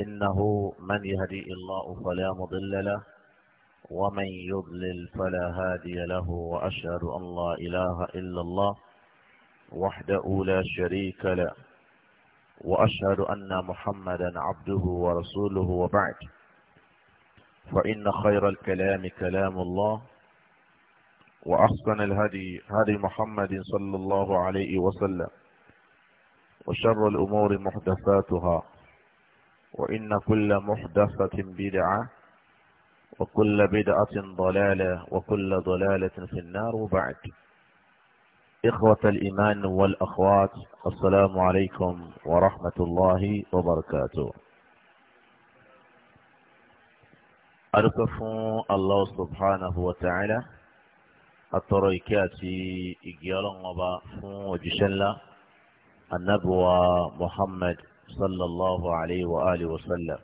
إنه من يهدي الله فلا مضل له ومن يضلل فلا هادي له وأشهد أن لا إله إلا الله وحده لا شريك له وأشهد أن محمدا عبده ورسوله وبعد فإن خير الكلام كلام الله وأحسن الهدي هدي محمد صلى الله عليه وسلم وشر الأمور محدثاتها وإن كل محدثة بدعة وكل بدعة ضلالة وكل ضلالة في النار وبعد إخوة الإيمان والأخوات السلام عليكم ورحمة الله وبركاته أركف الله سبحانه وتعالى التريكات إجيالا وبا فو جشلا النبوة محمد sallallahu alayhi wa alihi wa sallam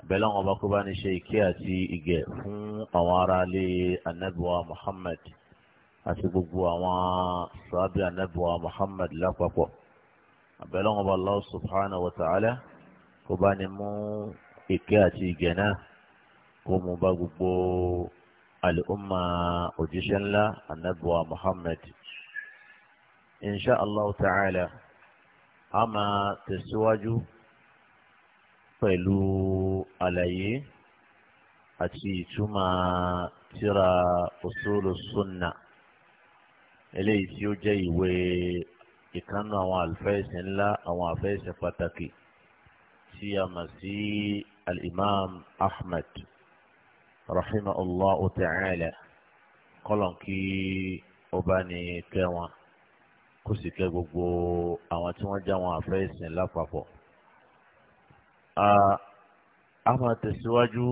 abẹ́lẹ́ àwọn ọba kó bá ní ṣe ìkẹ́ àti ìgẹ̀ fún àwọn ará ilé anabiwa muhammad àti gbogbo àwọn sàbí anabiwa muhammad lápapọ̀ abẹ́lẹ́ àwọn ọba allah subhanahu wa ta'ala kó bá ní mú ìkẹ́ àti ìgẹ̀ náà kó mú bá gbogbo al'umma òjíṣẹ́ ńlá anabiwa muhammad insha allah ta'ala a máa tẹ̀síwájú pẹ̀lú àlàyé àti ìtumọ̀ tírà usulu sunna eléyìí tí ó jẹ́ ìwé ìkànnì àwọn àlùfẹ́ẹ̀sẹ̀ ńlá àwọn àfẹ́ẹ̀sẹ̀ pàtàkì tí a mọ̀ sí al-imam ahmed rahimahullah ta'ala kọ́lọ̀n kí ó bá kẹwọn kó sì kẹ́ gbogbo àwọn tí wọ́n já wọn àfẹ́ ìsìn lápapọ̀. a máa tẹ̀síwájú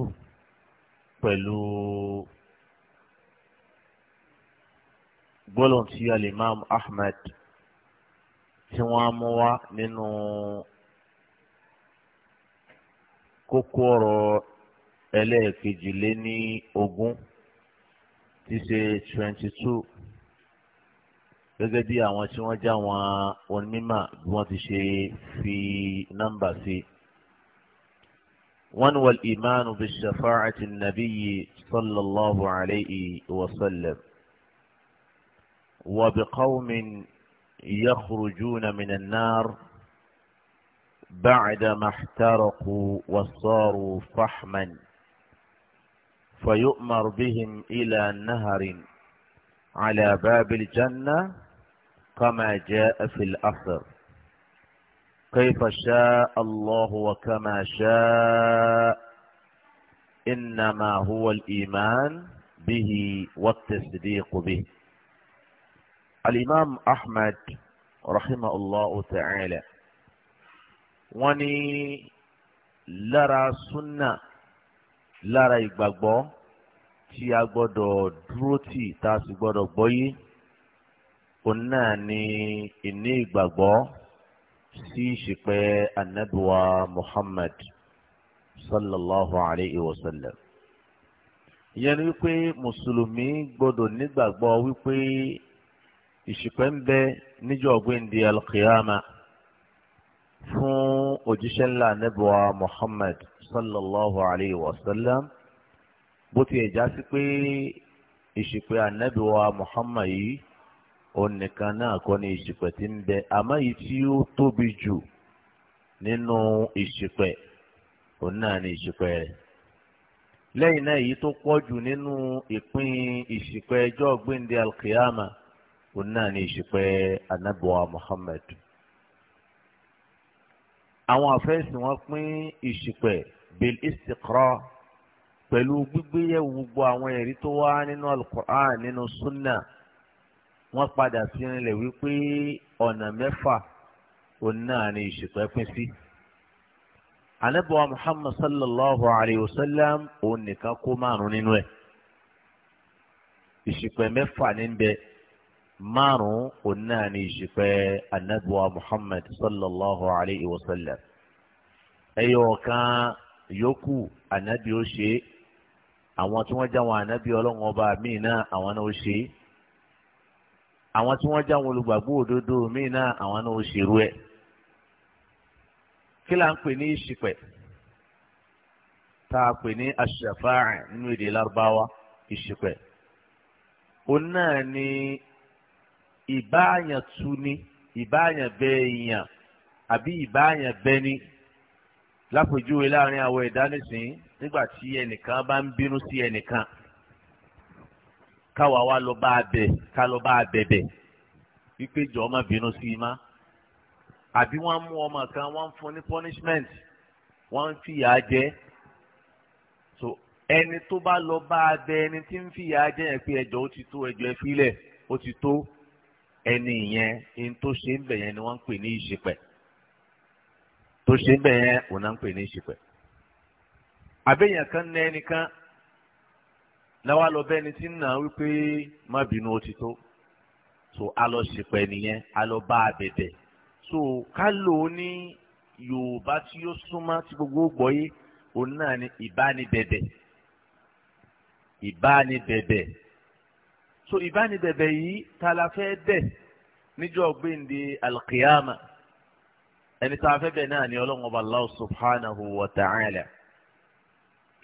pẹ̀lú gbọ́lọ̀ tí alimam Ahmed tí wọ́n á mú wá nínú kókó ọ̀rọ̀ ẹlẹ́ẹ̀kejì lé ní ogún tí ṣe twenty two. gẹ́gẹ́ bí àwọn tí wọ́n já wọn onímọ̀ bí wọ́n ti won ja won sí. wọ́n wọ bi won ti se fi nọ́mbà sí. wọ́n wo imanu bi shafa'ati nabiyyi sallallahu alayhi wa sallam won bi qawmin yakhrujuna min an-nar ba'dama ihtaraqu wa saru fahman fayu'mar bihim ila naharin ala babil jannah كما جاء في الأثر كيف شاء الله وكما شاء إنما هو الإيمان به والتصديق به الإمام أحمد رحمه الله تعالى وني لرى سنة لرى يقبقبو تي a دروتي تاسي tì tá òun náà ni ìní ìgbàgbọ́ sí ìṣìpẹ̀ anabiwa Muhammad sallallahu alayhi wa sallam ìyẹn ni wípé mùsùlùmí gbọ́dọ̀ nígbàgbọ́ wípé ìṣìpẹ̀ ń bẹ níjọ́ ọ̀gbìndì alqiyama fún òjíṣẹ́ ńlá anabiwa Muhammad sallallahu alayhi wa sallam bó ti ẹ̀ já sí pé ìṣìpẹ̀ anabiwa Muhammad yìí. onìkan náà kọ́ ni isipe tí ń bẹ àmọ́ èyí tí ó tóbi jù nínú òun ni isipe. rẹ̀ lẹ́yìn náà èyí tó pọ̀ jù nínú ìpín ìṣìpẹ̀ ẹjọ́ gbẹ̀ndé alkiyama òun náà ni isipe anabuwa Muhammad àwọn àfẹ́sì wọn pín ìṣìpẹ̀ bil pẹ̀lú gbígbéyẹ̀wò gbogbo àwọn ẹ̀rí tó wá nínú alukur'an nínú sunna. wọ́n padà sí rinlẹ̀ wípé ọ̀nà mẹ́fà òun náà ni ìṣùpẹ́ pín sí. anabiwa muhammad sallallahu alayhi wa sallam òun nìkan kó márùn nínú ẹ̀ ìṣùpẹ́ mẹ́fà ní bẹ márùn òun náà ni ìṣùpẹ́ anabiwa muhammad sallallahu alayhi wa sallam ẹyọ kan yòókù anabi ó ṣe àwọn tí wọ́n já wọn anabi ọlọ́run ọba míì náà àwọn náà ó ṣe é àwọn tí wọ́n já wọn olùgbàgbọ́ òdodo míì náà àwọn náà ó ṣerú ẹ̀ kí là ń pè ní ìṣìpẹ̀ tá a pè ní aṣàfáà nínú èdè lárúbáwá ìṣìpẹ̀ òun náà ni ìbáàyàn tuni ìbáàyàn bẹ́ẹ̀yàn àbí ìbáàyàn bẹ́ni lápèjúwe láàrin àwọn ẹ̀dá nísìnyí nígbà tí ẹnìkan bá ń bínú sí ẹnìkan káwa wa lọ bá a bẹ̀ ká lọ bá a bẹ̀bẹ̀ wípé jọ ọmọ bínú sí i má àbí wọ́n mú ọmọ kan wọ́n fún ní punishment wọ́n fìyà jẹ so ẹni tó bá lọ bá a bẹ̀ ẹni tí ń fìyà jẹ yẹn pé ẹjọ́ ó ti tó ẹjọ́ ẹ fílẹ̀ ó ti tó ẹni yẹn ẹni tó ṣe ń bẹ̀ yẹn ni wọ́n ń pè ní ìṣìpẹ̀ tó ṣe ń bẹ̀ yẹn òun náà ń pè ní ìṣìpẹ̀ àbẹ̀yẹn kan ní ẹnìkan làwa lọ bẹ́ẹ̀ ni tí ń nà wípé má bínú ó ti tó so a lọ ṣèpẹ́ nìyẹn a lọ bá a bẹ̀bẹ̀ so ká lò ó ní yorùbá tí ó súnmọ́ tí gbogbo gbọ́ yé òun náà ni ìbánibẹ̀bẹ̀ ìbánibẹ̀bẹ̀ so ìbánibẹ̀bẹ̀ yìí ta la fẹ́ bẹ̀ níjọ́ gbẹ̀ǹde alqiyama ẹni tá a fẹ́ bẹ̀ náà ni ọlọ́run ọba allah subhanahu wa ta'ala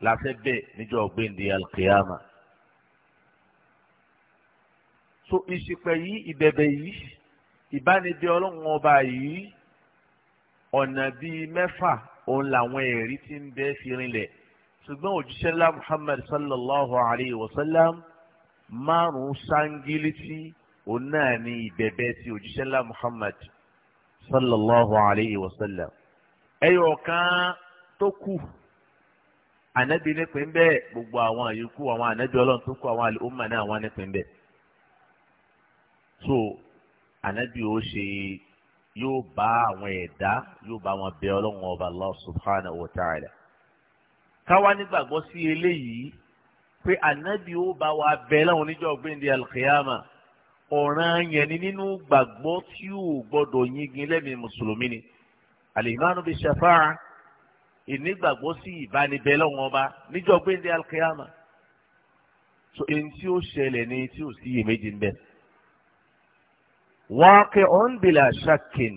láti bẹ́ẹ̀ níjọ́ gbẹ̀ǹdé alkiyama. so ìṣìpẹ̀ yìí ìbẹ̀bẹ̀ yìí ìbánidé ọlọ́run ọba yìí ọ̀nà bíi mẹ́fà òun làwọn ẹ̀rí tí ń bẹ fi rinlẹ̀ ṣùgbọ́n òjíṣẹ́ ńlá muhammad sallallahu alayhi wa sallam márùn-ún sángílítì òun náà ní ìbẹ̀bẹ̀ ti òjíṣẹ́ ńlá muhammad sallallahu alayhi wa sallam ẹ̀yọ̀ kan tó kù ànábì nípìn bẹ́ẹ̀ gbogbo àwọn àyíkú àwọn ànábì ọlọ́run tó kọ àwọn àlùmọ̀ náà wọ́n nípìn bẹ́ẹ̀. so ànábì ó ṣe yóò bá àwọn ẹ̀dá yóò bá wọn bẹ ọlọ́run ọba Allah subhanahu wa ta'ala. káwa nígbàgbọ́ sí eléyìí pé ànábì ó bá wa bẹ láwọn oníjọ́ gbẹ̀ndé alkiyama ọ̀ràn yẹn nínú gbàgbọ́ tí ò gbọ́dọ̀ yingin lẹ́mìí mùsùlùmí ni. al bi shafa'a ìnígbàgbọ́ sí ìbánibẹ́ lọ́wọ́n ọba níjọ́ gbéńdé alkiyama so èyí tí ó ṣẹlẹ̀ ní tí ò sí iyèméjì ń bẹ. waqi'un bila shakkin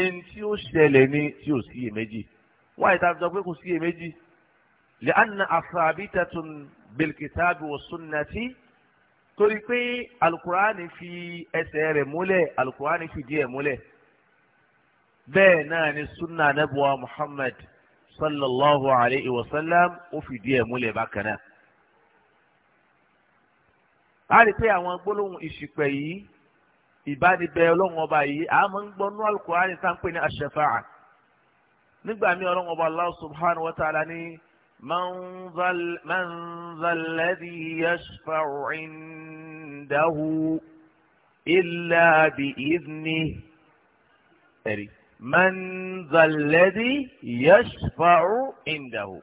èyí tí ó ṣẹlẹ̀ ní tí ò sí iyèméjì wáyé tá a sọ pé kò sí iyèméjì li'anna athabitatun bilkitabi wa sunnati torí pé alukur'ani fi ẹsẹ̀ rẹ̀ múlẹ̀ alukur'ani fi díẹ̀ múlẹ̀ bẹ́ẹ̀ náà ni sunna anabuwa muhammad sallallahu alayhi wa sallam ó fìdí ẹ̀ múlẹ̀ bákan náà. a rí pé àwọn gbólóhùn ìṣìpẹ̀ yìí ìbánibẹ̀ ọlọ́run ọba yìí a máa ń gbọ́ nú alukur'ani tá à ń pè ní aṣẹ́fàá. nígbà míì ọlọ́run ọba allah subhanahu wa ta'ala ní man zalladhi yashfa'u indahu illa bi idni man الذي yashfa'u عنده؟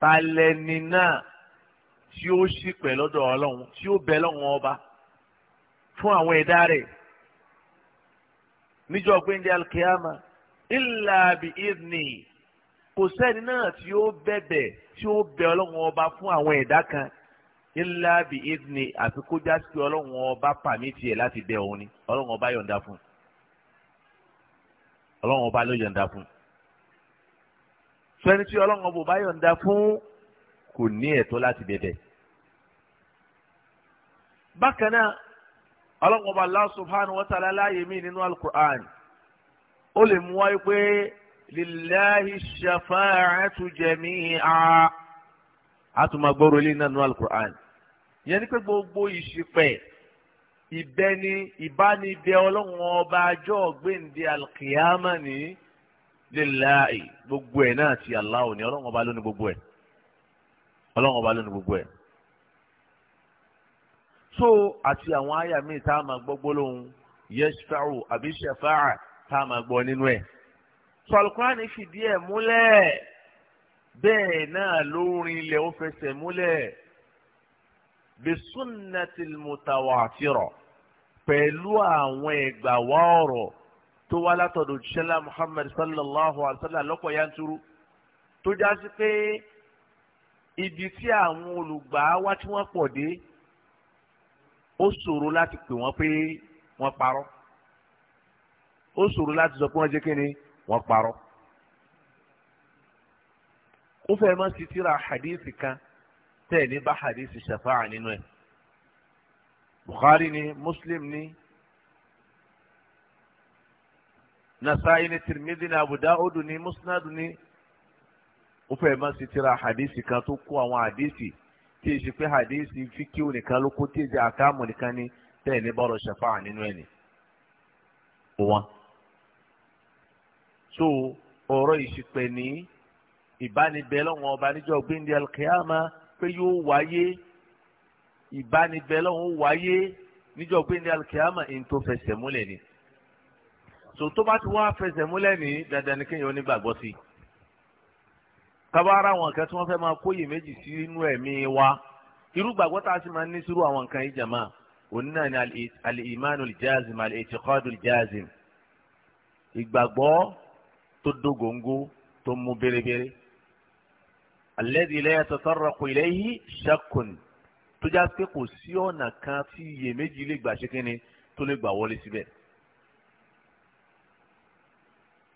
talẹ́ni náà tí ó ṣì pẹ̀ lọ́dọ̀ ọlọ́run tí ó bẹ lọ́wọ́n ọba fún àwọn ẹ̀dá rẹ̀ níjọ́ gbẹ́ndé alkiyama illa bi kò sẹ́ni náà tí ó bẹ̀bẹ̀ tí ó bẹ ọlọ́run ọba fún àwọn ẹ̀dá kan illa bi idni sí ọlọ́run ọba pàmì tiẹ̀ láti bẹ òun ni ọlọ́run ọba yọ̀ǹda fún un ọlọ́run ọba ló yọ̀ǹda fún sẹ́ni tí ọlọ́run ọba ọba yọ̀ǹda fún kò ní ẹ̀tọ́ láti débẹ̀ bákan náà ọlọ́run ọba Allah subhanahu wa ta'ala láàyè mí nínú alukur'an ó lè mú wáyé pé lillahi shafa'atu jami'a àtùmọ̀ gbọ́rọ̀ ilé nínú alukur'an yẹn ni pé gbogbo ìṣìpẹ̀ ìbẹni ìbánibẹ ọlọ́run ọba ajọ́ gbẹ̀ǹde alkiyama ní lillahi gbogbo ẹ̀ náà ti Allah ni ọlọ́run ọba ló ní gbogbo ẹ̀ ọlọ́run ọba ló ní gbogbo ẹ̀. so àti àwọn àyà míì tá a máa gbọ́ gbólóhùn yashfa'u àbí shafa'a tá a máa gbọ́ nínú ẹ̀. so fìdí ẹ̀ múlẹ̀ bẹ́ẹ̀ náà lórin ilẹ̀ ó fẹsẹ̀ múlẹ̀ bisunnati mutawatira pẹ̀lú àwọn ẹ̀gbà wá ọ̀rọ̀ tó wá látọ̀dọ̀ òjíṣẹ́lá Muhammad sallallahu alayhi wa sallam lọ́pọ̀ yanturu tó já sí pé ibi tí àwọn olùgbà wá tí wọ́n pọ̀ dé ó ṣòro láti pè wọ́n pé wọ́n parọ́ ó ṣòro láti sọ pé wọ́n jẹ́ kíni wọ́n parọ́ ó fẹ́ mọ́ sí tíra hadith kan tẹ̀ ní bá hadith shafa'a nínú ẹ̀ bukhari ni muslim ni nasa'i ni tirmidhi ni abu daudu ni musnadu ni ó fẹ́ máa ṣe tírà hadisi kan tó kó àwọn hadisi tí èsì pé hadisi fíkíw nìkan ló kó tí èsì àkàmù nìkan ni tẹ̀ ní bọ́rọ̀ ṣàfáà nínú ẹ̀ ni wọn. so ọ̀rọ̀ ìṣìpẹ̀ ní ìbánibẹ́ lọ́wọ́ ọba níjọ́ gbéńdé alkiyama pé yóò wáyé ìbánibẹ́ lọ́hùn wáyé níjọ́ gbẹ̀ndé alikiyama ẹni tó fẹsẹ̀ múlẹ̀ ni so tó bá ti wá fẹsẹ̀ múlẹ̀ ní dandan ni kéèyàn onígbàgbọ́ sí i kábàárà àwọn nǹkan tí wọ́n fẹ́ máa kóyè méjì sínú ẹ̀mí wa irú gbàgbọ́ tá a sì máa ní sírú àwọn nǹkan yìí jàmá òní náà ni al jazim al jazim ìgbàgbọ́ tó dógóńgó tó mú bérebére alladhi tó já pé kò sí ọ̀nà kan tí iyèméjì lè gbà ṣe kínni tó lè gbà wọlé síbẹ̀.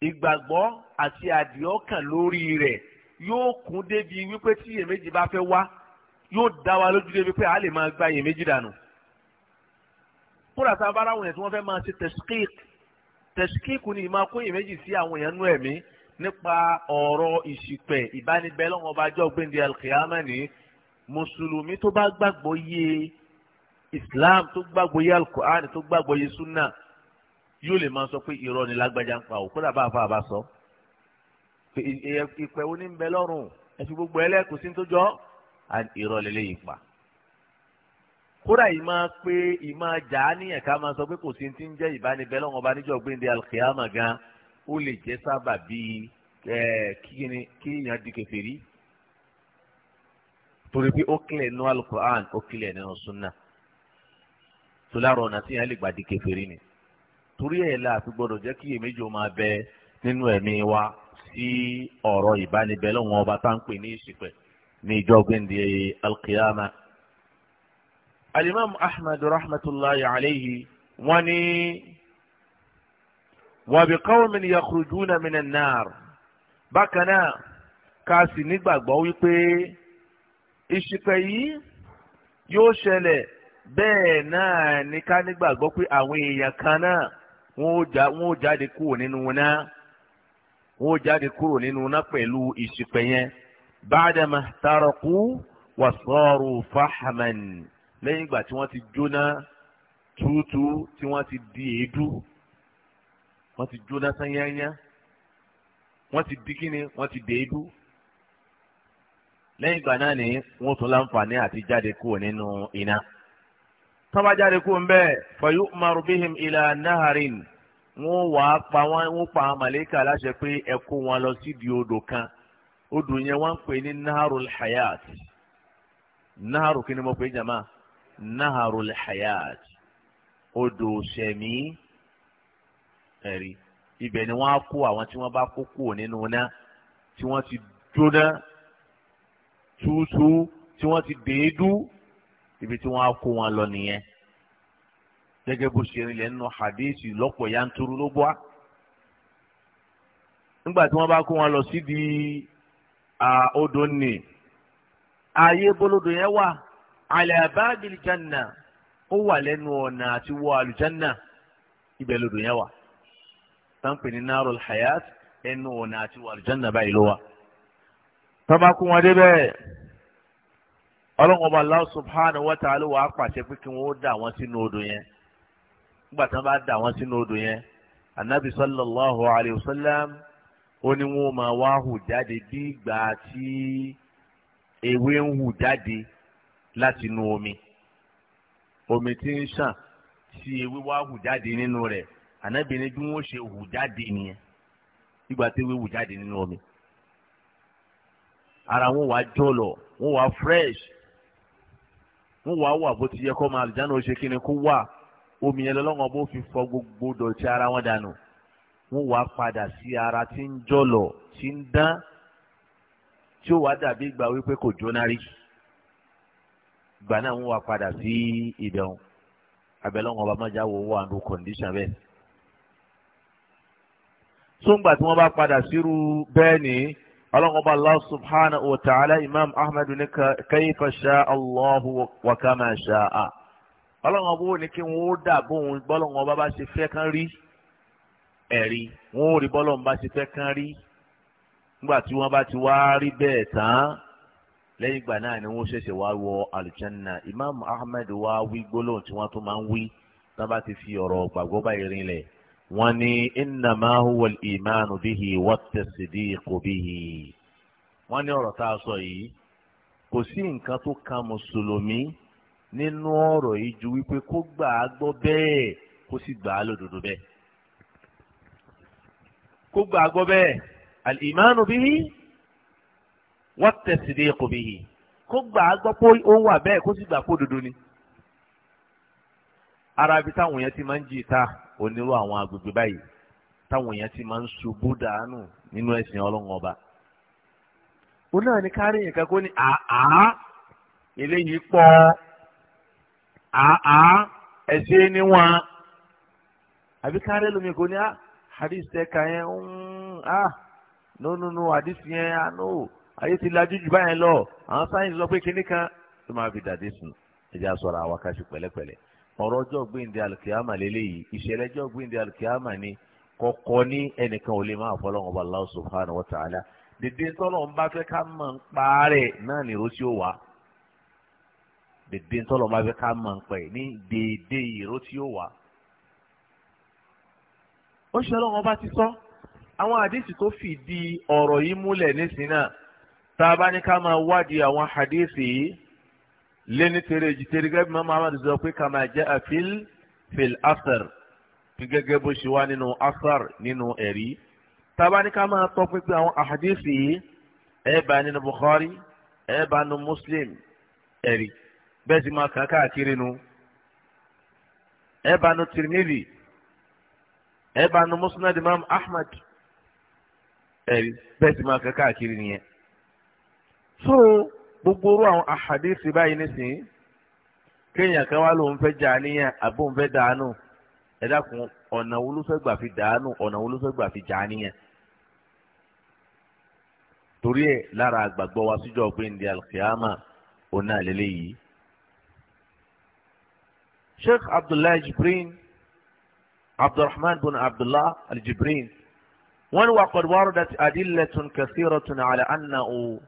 ìgbàgbọ́ àti àdìọ́kàn lórí rẹ̀ yóò kún débi wípé tí iyèméjì bá fẹ́ wá yóò dá wa lójú débi pé a lè máa gba iyèméjì dànù. kódà tá yẹn tí wọ́n fẹ́ máa ṣe tẹ̀síkìk tẹ̀síkìk ni ìmáa kó iyèméjì sí àwọn èèyàn nú ẹ̀mí nípa ọ̀rọ̀ ìṣìpẹ̀ ìbánibẹ́lọ́wọ́n mùsùlùmí tó bá gbàgbọ́ yé islam tó gbàgbọ́ yé alukur'an tó gbàgbọ́ yé sunna yóò lè máa sọ pé irọ́ ni lágbájá ń pa òkúta bá àfa àbá sọ ìpẹ́ oní ń bẹ lọ́rùn ẹ̀sìn gbogbo ẹlẹ́kùn sí tó jọ irọ́ lélẹ́yìí pa kódà yìí máa pé yìí máa jà á níyàn ká máa sọ pé kò sí ti ń jẹ́ ìbánibẹ́ lọ́wọ́ ọba níjọ́ gbéǹde alkiyama gan ó lè jẹ́ sábà bíi kíyàn di kèfèrí torí pé ó kílẹ̀ nínú alukur'an ó kílẹ̀ nínú sunna tó lára ọ̀nà tí yẹn lè gbàdí kèfèrí ni torí ẹ̀ la àti gbọ́dọ̀ jẹ́ kí èméjì ó máa bẹ nínú ẹ̀mí wa sí ọ̀rọ̀ ìbánibẹ́lọ́wọ́n ọba tá ń pè ní ìṣìpẹ̀ ní ìjọ gbẹ̀ndé alkiyama. alimam ahmed rahmatulahi alayhi wọ́n ní wọ́n bí qawmin yakhrujuna minan nar bákan náà ká nígbàgbọ́ wípé ìṣìpẹ̀ yìí yóò ṣẹlẹ̀ bẹ́ẹ̀ náà ní ká nígbàgbọ́ pé àwọn èèyàn kan náà wọ́n ó jáde kúrò nínú náà wọ́n ó jáde kúrò nínú náà pẹ̀lú ìṣìpẹ̀ yẹn bàdàmà tàràkú wàsọ́ọ̀rù fàhámẹ́n lẹ́yìn ìgbà tí wọ́n ti jóná túútú tí wọ́n ti di èédú wọ́n ti jóná sányányá wọ́n ti di kíni wọ́n ti di èédú lẹ́yìn ìgbà náà ni wọ́n tún láǹfààní àti jáde kúrò nínú iná. tọ́ba jáde kúrò ń bẹ́ẹ̀ fọyú umaru ilà naharin wọ́n wà á pa wọ́n wọ́n pa màlẹ́kà láṣẹ pé ẹ kó wọn lọ di odò kan odò yẹn wọ́n ń pè ní naharul hayat naharu kí ni jama naharul hayat odò sẹ̀mí ẹ̀rí ibẹ̀ ni wọ́n á kó àwọn tí wọ́n bá kó ṣuṣu tí wọ́n ti dèédú ibi tí wọ́n á kó wọn lọ nìyẹn gẹ́gẹ́ bó ṣe rinlẹ̀ nínú hadisi lọ́pọ̀ yanturu ló bọ́ nígbà tí wọ́n bá kó wọn lọ síbi odò nì ààyè bolodo yẹn wà alẹ́ àbáàgìlì janna ó wà lẹ́nu ọ̀nà àti wọ àlùjánà ibẹ̀ lodò yẹn wà táǹpẹ̀ ní narol hayat ẹnu ọ̀nà àti wọ àlùjánà báyìí ló wà tọ́ba kú wọn débẹ̀ ọlọ́run ọba Allah subhanahu wa ta'ala wàá pàṣẹ pé kí wọ́n dà wọ́n sínú odò yẹn nígbà tí wọ́n bá dà wọ́n sínú odò yẹn anabi sallallahu alayhi wa sallam ó ní wọn máa wá hù jáde bí ìgbà tí ewé ń hù jáde láti inú omi omi tí ń ṣàn tí ewé wá hù jáde nínú rẹ̀ anabi ní bí wọ́n ṣe hù jáde nìyẹn ìgbà tí ewé hù jáde nínú omi ara wọn wà jọlọ wọn wà fresh wọn wà wà bó ti yẹ kó máa àlùjáná ó ṣe kí ni kó wà omi yẹn lọ́wọ́ bó fi fọ gbogbo dọ̀tí ara wọn dànù wọn wà padà sí ara tí ń jọlọ tí ń dán tí ó wà dàbí ìgbà wípé kò jóná rí ìgbà náà wọn wà padà sí ìdẹ̀hùn abẹ́lẹ́wọ̀n ọba máa jáwọ́ wà ní kọ̀ǹdíṣàn bẹ́ẹ̀. sóńgbà tí wọ́n bá padà sírú bẹ́ẹ̀ ni ọlọ́run ọba allah subhanahu wa ta'ala imam ahmed ní kayfa sha allahu wa kama sha'a ọlọ́run ọba ò ní kí wọ́n dà bóun bọ́lọ́run ọba bá ṣe fẹ́ kán rí ẹ̀rí wọ́n ò rí bọ́lọ́run bá ṣe fẹ́ kán rí nígbà tí wọ́n bá ti wá rí bẹ́ẹ̀ tán lẹ́yìn ìgbà náà ni wọ́n ṣẹ̀ṣẹ̀ wá wọ àlùjánnà imam ahmed wá wí gbólóhùn tí wọ́n tún máa ń wí tí wọ́n bá ti fi ọ̀rọ̀ gbàgbọ́ báyìí rinlẹ̀ wọ́n ní innama huwa al-imanu bihi wat-tasdiqu bihi wọ́n ní ọ̀rọ̀ tá a sọ yìí kò sí nǹkan tó kan mùsùlùmí nínú ọ̀rọ̀ yìí ju wípé kó gbà á gbọ́ bẹ́ẹ̀ kó sì gbà á lódodo bẹ́ẹ̀ kó gbà á gbọ́ bẹ́ẹ̀ al-imanu bihi wat-tasdiqu bihi kó gbà á gbọ́ pé ó wà bẹ́ẹ̀ kó sì gbà kó dodo ni ara ibi táwọn èèyàn ti máa ń jí ìta onírú àwọn agbègbè báyìí táwọn èèyàn ti máa ń ṣubú dànù nínú ẹ̀sìn ọlọ́run ọba. ó náà ní kárí nǹkan kó ní àá eléyìí pọ̀ àá ẹ̀sìn níwọ̀n àbí kárí lómi kò ní àdìs ah, ẹ̀ka yẹn um, ah no no no àdìs yẹn ah no ayé ti lajú jù báyẹn lọ àwọn sáyẹnsì lọ pé kinní kan tó máa fi dàdí sùn ẹ̀jẹ̀ àsọ̀rọ̀ àwọn akáṣù pẹ̀lẹ́pẹ̀lẹ́. ọ̀rọ̀ ọjọ́ gbìndé alùkìyàmà lélẹ́yìí ìṣẹ̀lẹ̀ ọjọ́ gbìndé ni kọkọ ní ẹnìkan ò lè máa ọba Allah subhanahu wa ta'ala dèdè tọ́lọ̀ ń bá fẹ́ ká mọ̀ ń pa rẹ̀ náà ní tí ó wà dèdè tọ́lọ̀ ń bá fẹ́ ká mọ̀ ń pẹ̀ ní dèdè tí ó wà. ó ṣe ti sọ lẹ́ni tèrè jù tèrè gẹ́gẹ́ bí mọ́mọ́ amadu sọ pé kàmá jẹ́ àfil fil asar gẹ́gẹ́ bó ṣe wá nínú asar nínú ẹ̀rí tabani ká máa tọ́ pípẹ́ àwọn àhàdíìsì yìí ẹ̀ bá nínú Bukhari ẹ̀ bá nínú Muslim ẹ̀rí bẹ́ẹ̀ sì máa kàn káàkiri nu ẹ̀ bá nínú Tirmidhi ẹ̀ bá nínú Musnad Imam Ahmad ẹ̀rí bẹ́ẹ̀ sì máa kàn káàkiri nìyẹn. so gbogbo orú àwọn àhàdíìsì báyìí nísìnyí kéèyàn kan wá lóun fẹ́ jà níyàn àbó òun fẹ́ dànù ẹ dákun ọ̀nà wo ló fẹ́ gbà fi dànù ọ̀nà wo ló fẹ́ gbà fi jà níyàn. torí ẹ lára àgbàgbọ́ wa síjọ́ ọ̀gbìn di alkiyama ọ̀nà àlélẹ́ yìí. sheikh abdullahi jibrin abdulrahman bin abdullah aljibrin wọ́n ní wàá qad waradat adillatun kathiratun ala annahu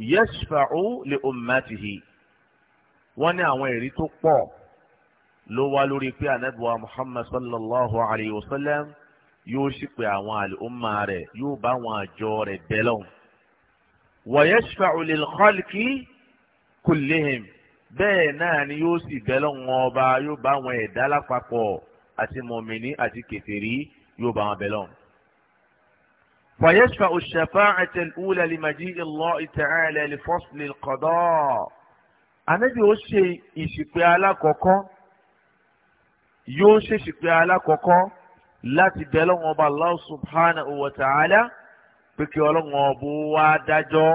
yashfa'u li ummatihi wọ́n ní àwọn ẹ̀rí tó pọ̀ ló wá lórí pé anabiwa muhammad sallallahu alayhi wa sallam yóò ṣìpè àwọn àlùmọ́ rẹ̀ yóò bá àwọn àjọ rẹ̀ bẹ́lọ̀ wa yashfa'u lil khalqi kullihim náà ni yóò sì bẹ́lọ̀ ọba yóò bá àwọn ẹ̀dá lápapọ̀ àti mọ̀mìnì àti kèfèrí yóò bá wọn bẹ́lọ̀. فيشفع الشفاعة الأولى لمجيء الله تعالى لفصل القضاء أنا ó ṣe ìṣìpẹ̀ على yóò ṣe ìṣìpẹ̀ alákọ̀ọ́kọ́ láti bẹ Ọlọ́hun Ọba Allah subhanahu wa ta'ala pé kí Ọlọ́hun Ọba wá dájọ́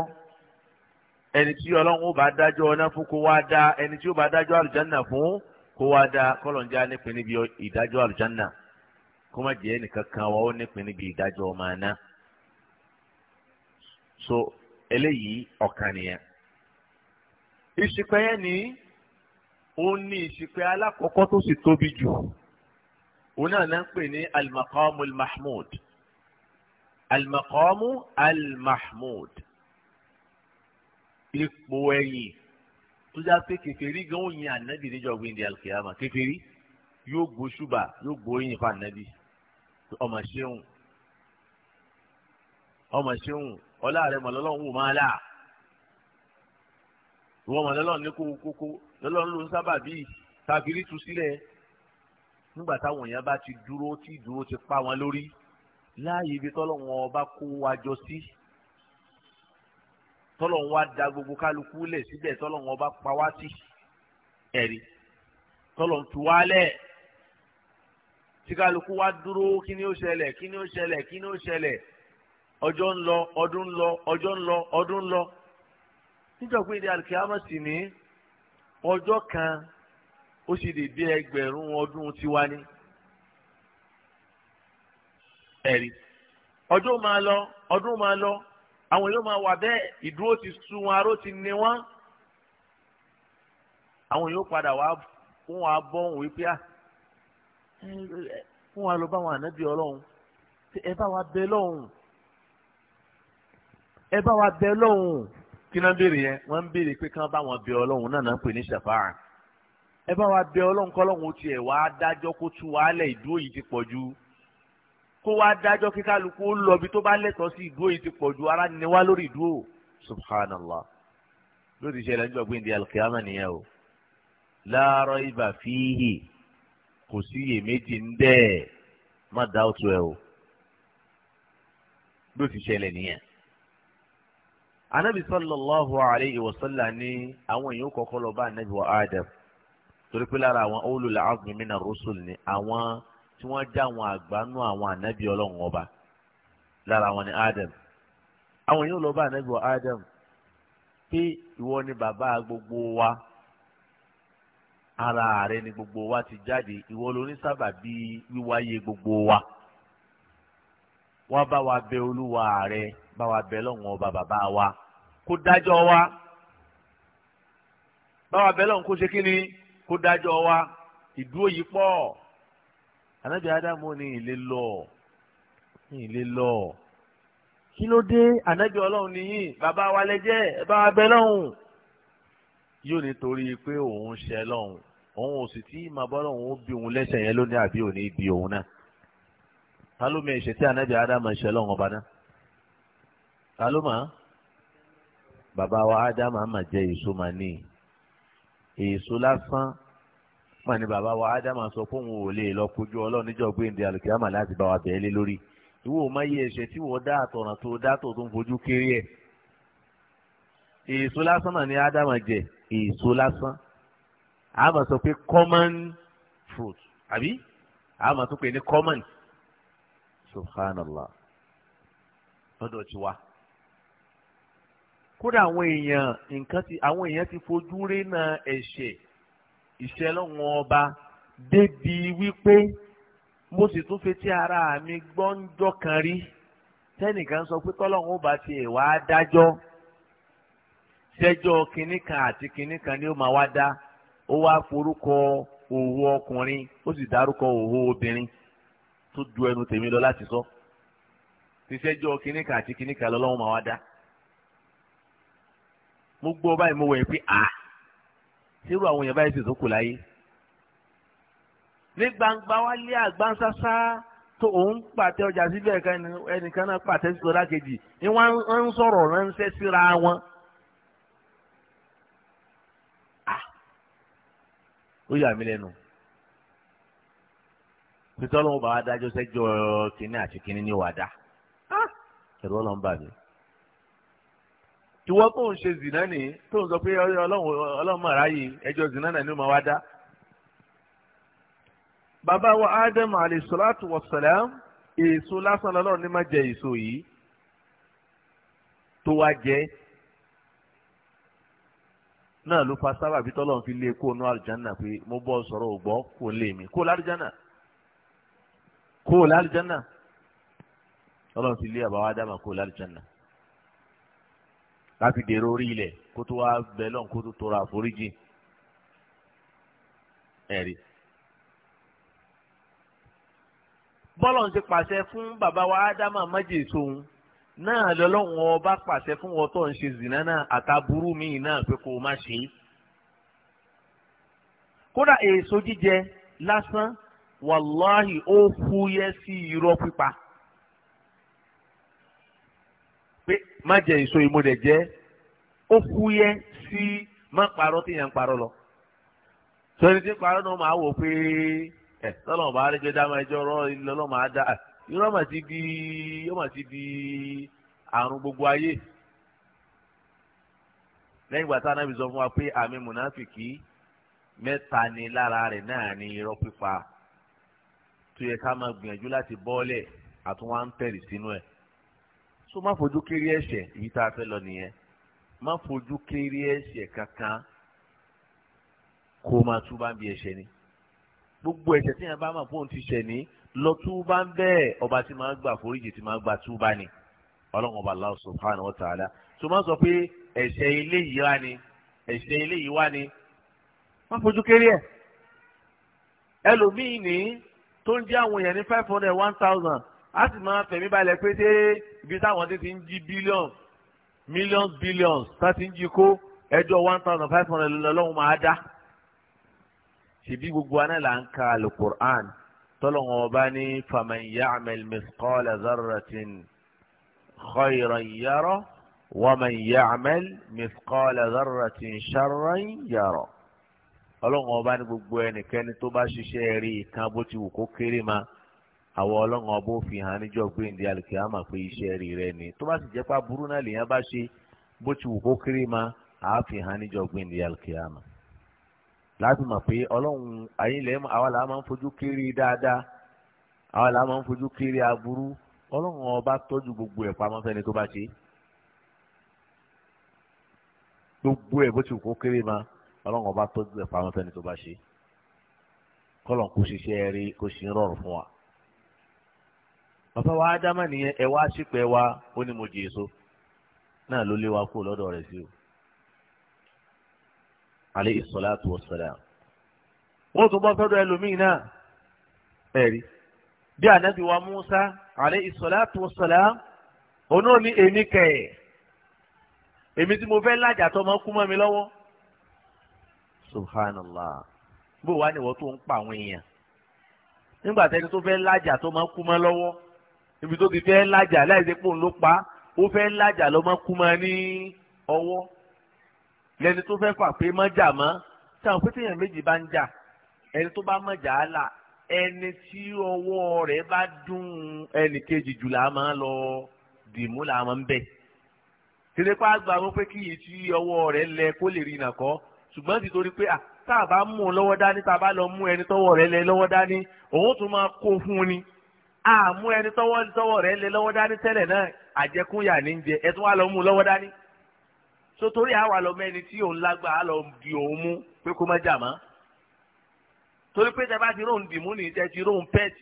ẹni tí Ọlọ́hun ó bá dájọ́ ọ̀nà fún kó wá dá ẹni tí ó bá dájọ́ àlùjánà fún kó wá dá kọ́lọ̀njá nípìn níbi ìdájọ́ àlùjánà kó má jẹ́ ẹnìkan kan wá ó nípìn níbi ìdájọ́ ọmọ náà so eléyìí ọ̀kan nìyẹn. ìṣìpẹ̀ yẹn ni òun ní ìṣìpẹ̀ alákọ̀ọ́kọ́ tó sì tóbi jù òun náà náà ń pè ní al-maqamu al-mahmud al-maqamu al-mahmud ipò ẹ̀yìn tó já pé kèfèrí gan òyìn ànábì níjọ́ gbìndé al-qiyama yóò gbó ṣùbà yóò gbó yìn fún ànábì ọmọ ṣeun ọmọ ṣeun ọlá rẹ mọ̀lọ́lọ́run wò máa là ìwọ mọ̀lọ́lọ́run ní kókókó lọ́lọ́run ló ń sábà bíi káfírí tu sílẹ̀ nígbà táwọn èèyàn bá ti dúró tí dúró ti pa wọn lórí láàyè ibi tọ́lọ́run ọba kó wa jọ sí tọ́lọ́run wa da gbogbo kálukú lẹ̀ síbẹ̀ tọ́lọ́run ọba pa wá sí ẹ̀rí tọ́lọ́run tu wá lẹ̀ tí kálukú wa dúró kí ni ó ṣẹlẹ̀ kí ni ó ṣẹlẹ̀ kí ni ó ṣẹlẹ̀ ọjọ́ ń lọ ọdún ń lọ ọjọ́ ń lọ ọdún ń lọ nítorí pé alikiyama ni ọjọ́ kan ó sì lè dé ẹgbẹ̀rún ọdún tiwa ní ẹ̀rí ọjọ́ máa lọ ọdún máa lọ àwọn yóò máa wà bẹ́ẹ̀ ìdúró ti sun wọn aró ti ní wọn àwọn yóò padà wá fún wa ah, lọ bá wọn ànábì ọlọ́run ẹ bá wa bẹ lọ́hùn ẹ bá wa bẹ lọ́hùn kí náà béèrè yẹn wọ́n ń béèrè pé kán bá wọn bẹ ọlọ́hùn náà náà ń pè ní ṣàfáà ẹ bá wa bẹ ọlọ́hùn kọ́lọ́hùn tiẹ̀ wá dájọ́ kó tú wàhálẹ̀ ìdúró yìí ti pọ̀ ju kó wá dájọ́ kí kálukú ó lọ bí tó bá lẹ́tọ̀ọ́ sí ìdúró yìí ti pọ̀ ju ara ni wá lórí ìdúró subhanallah lórí ìṣẹ̀lẹ̀ níjọ́ gbé ndí alkiyama nìyẹn o la raiba fihi kò sí iyèméjì ń bẹ́ẹ̀ má dáwọ́tò ẹ o lórí ìṣẹ̀lẹ̀ nìyẹn anabi sallallahu alayhi wa sallam ni àwọn èèyàn kọ́kọ́ lọ bá anabi wa adam torí pé lára àwọn ulul azmi mina rusul ni àwọn tí wọ́n já àwọn àgbánú àwọn anabi ọlọ́run ọba lára àwọn ni adam àwọn èèyàn lọ bá anabi wa adam pé ìwọ ni bàbá gbogbo wa ara rẹ ni gbogbo wa ti jáde ìwọ ló ní sábàbí wíwáyé gbogbo wa wá bá wa bẹ̀ olúwa rẹ bá wa bẹ lọ́wọ́n ọba bàbá wa kó dájọ́ wa bá wa bẹ lọ́wọ́n kó ṣe kí ni kó dájọ́ wa ìdúró yìí pọ̀ ànábì ádámù ní ilé lọ ní ilé lọ kí ló dé ànábì ọlọ́run nìyí bàbá wa lẹ́jẹ́ ẹ bá wa bẹ lọ́hùn yóò nítorí pé òun ṣẹ lọ́hùn òun ò sì tí ì máa bọ́ lọ́hùn ó bí òun lẹ́sẹ̀ yẹn lónìí àbí òní bí òun náà ta ló mi ẹ̀ṣẹ̀ tí ànábì ádámù ṣẹ lọ́hùn ọba náà ta ló mà á bàbá wa ádámù àmà jẹ èso mà ní èso lásán mà ní bàbá wa ádámù sọ pé òun ò lè lọ kojú ọlọ́run níjọ́ gbéǹde àlùkìyàmà láti bá wa bẹ̀ẹ́ lé lórí ìwọ ò má yí ẹsẹ̀ tí wọ́n dá àtọ̀ràn tó dá tó tó ń fojú kéré ẹ̀ èso lásán mà ní jẹ èso lásán àmà sọ pé common fruit àbí àmà tó pè ní common subhanallah lọ́dọ̀ tiwa kódà àwọn èèyàn nǹkan ti àwọn èèyàn ti fojú rénà ẹ̀ṣẹ̀ ìṣẹ́lọ́wọ́n ọba débi wípé mo sì tún fetí ara mi gbọ́njọ́ kan rí tẹ́nìkan sọ pé tọ́lọ́run ó bá tiẹ̀ wá dájọ́ sẹ́jọ́ kinní kan àti kinní kan ni ó máa wá dá ó wá forúkọ òwò ọkùnrin ó sì dárúkọ òwò obìnrin tó ju ẹnu tèmi lọ láti sọ ti sẹ́jọ́ kinní kan àti kinní kan lọ́lọ́run máa wá dá mo gbọ́ báyìí mo wẹ̀ pé a ṣerú àwọn èèyàn báyìí sì tó kù láyé ní gbangba wálé àgbánsásá tó òun pàtẹ ọjà síbẹ̀ kan ẹnìkan náà pàtẹ sí ọ̀dà kejì ni wọ́n ń sọ̀rọ̀ ránṣẹ́ síra wọn. ó yà mí lẹ́nu pété ọlọ́run bá wa dájọ́ sẹ́jọ́ kínní àti kínní ni wàá dá ẹ̀rọ ọlọ́run bà mí ìwọ tó ń ṣe zìnà ni tó ń sọ pé ọlọ́run ọlọ́run àráyè ẹjọ́ zìnà náà ni ó máa wá dá. bàbá wa ádámù alayhi salatu wassalam èso lásán lọ́lọ́run ní má jẹ èso yìí tó wá jẹ náà ló fa sábàbí tọ́lọ́run fi lé e kó nú àlùjáná pé mo bọ́ sọ̀rọ̀ ò gbọ́ kó lé mi kó lálùjáná kó lálùjáná tọ́lọ́run fi lé àbáwá ádámù kó lálùjáná. láti dèrò orí ilẹ̀ kó tó wá bẹ lọ́n kó tó tọrọ àforíjì ẹ̀rí. bọ́lọ̀ ń ti pàṣẹ fún bàbá wa ádámà májèsóhun náà lọ́lọ́run ọba pàṣẹ fún wọn tó ń ṣe zìnnà náà àtàbúrú náà pé kó o má ṣe é. kódà èso jíjẹ lásán wàláhì ó fúyẹ́ sí irọ́ pípa. pé má jẹ èso ìmúdẹ̀ jẹ́ ó fúyẹ́ sí má parọ́ tí yẹn ń parọ́ lọ. sọ́ni tí parọ́ náà máa wò pé ẹ̀ lọ́nà ọ̀bá arẹ́jọ́ dá máa jẹ́ ọ̀rọ̀ ìlọ́lọ́ máa dá irọ́ mà ti di ó mà ti di àrùn gbogbo ayé. lẹ́yìn ìgbà táwọn anábì sọ fún wa pé àmì mùnáfìkì mẹ́ta ni lára rẹ̀ náà ni irọ́ pípa tó yẹ ká máa gbìyànjú láti bọ́ọ̀lẹ̀ àtúnwá ń tẹ̀rì sínú ẹ̀ so má fojú kéré ẹ̀ṣẹ̀ èyí tá a fẹ́ lọ nìyẹn má fojú kéré ẹ̀ṣẹ̀ kankan kó o máa túbá ń bi ẹ̀ṣẹ̀ ni gbogbo ẹ̀ṣẹ̀ tí yẹn bá mà fóun ti ṣẹ̀ ní lọ túbá ń bẹ́ẹ̀ ọba tí máa gbà foríjì tí máa gbà túbá ni ọlọ́run ọba Allah subhanahu wa ta'ala so má sọ pé ẹ̀ṣẹ̀ eléyìí wá ni ẹ̀ṣẹ̀ eléyìí wá ni má fojú kéré ẹ̀ ẹlòmíì ní tó ń jẹ́ àwọn èèyàn ní five hundred one thousand a sì máa fẹ̀mí balẹ̀ pé dé ibi táwọn ti ń jí bílíọ̀n millions billions tá ti ń jí kó ẹjọ́ one thousand five hundred lọ́lọ́run máa dá ṣèbí gbogbo aná là ń ka alukur'an tọ́lọ́wọ́n ọba ní faman ya'mal mithqala dharratin khayran yara wa man ya'mal ní gbogbo ẹnikẹ́ni tó bá ṣiṣẹ́ rí kan bó ti wù kó kéré ma. Awọ ọlọ́run ọbọ̀ fi hàn níjọ́ pé ǹdí alìkìyàmà pé iṣẹ́ rí rẹ ni tó bá sì jẹ́ pé aburú náà lèèyàn bá ṣe bó ti wù ma àá fi hàn níjọ́ pé ǹdí alìkìyàmà. láti mọ̀ pé ọlọ́run àwa làá máa ń fojú kéré dáadáa àwa làá máa ń fojú kéré aburú ọlọ́run ọba tọ́jú gbogbo ẹ̀ pamọ́ fẹ́ni tó bá ṣe. gbogbo ẹ̀ bó ti wù kó ọba tọ́jú ẹ̀ pamọ́ fẹ́ni tó bá ṣe. bàbá wa ádámà nìyẹn ẹ wá sípẹ́ wá ó ní mo jẹ èso náà ló lé wa kúrò lọ́dọ̀ rẹ̀ sí o. alayhi salatu wassalam. wọ́n tún bọ́ sọ́dọ̀ ẹlòmíì náà ẹ̀rí bí ànábì wa Musa alayhi salatu wassalam òun náà ní èmi kẹ̀ èmi tí mo fẹ́ lájà tó máa kú mọ́ mi lọ́wọ́ subhanallah bó wàá ní wọ́n tó ń pa àwọn èèyàn nígbà tẹ́ni tó fẹ́ lájà tó máa kú mọ́ lọ́wọ́ ibi tó ti fẹ́ lájà láìsí pò ń ló pa ó fẹ́ lájà ló má kú máa ní ọwọ́ lẹni tó fẹ́ fà pé má jà mọ́ táwọn pétéyàn méjì bá ń jà ẹni tó bá má jà á là ẹni tí ọwọ́ rẹ̀ bá dùn ẹnì kejì jù là máa lọ dìmú là máa ń bẹ̀ tẹlẹpá gba wọn pé kíyè tí ọwọ́ rẹ̀ lẹ kó lè rí nàkọ́ ṣùgbọ́n ti torí pé à bá mú un lọ́wọ́ dání tá bá lọ mú ẹni tọ́wọ́ rẹ̀ lẹ lọ́wọ́ dání òun tún máa kó fún un ni àmú ẹni tọwọ́ tọwọ́ rẹ̀ lé lọ́wọ́ dání tẹ́lẹ̀ náà àjẹkúnyà ní jẹ ẹ tún wá lọ mú un lọ́wọ́ dání sotori àwa lọ mẹni tí òun lágbà á lọ di òun mú pé kó má jà mọ́ torí pé tẹ́lẹ̀ ti róun dìmú nìyí tẹ́ ti róun pẹ́t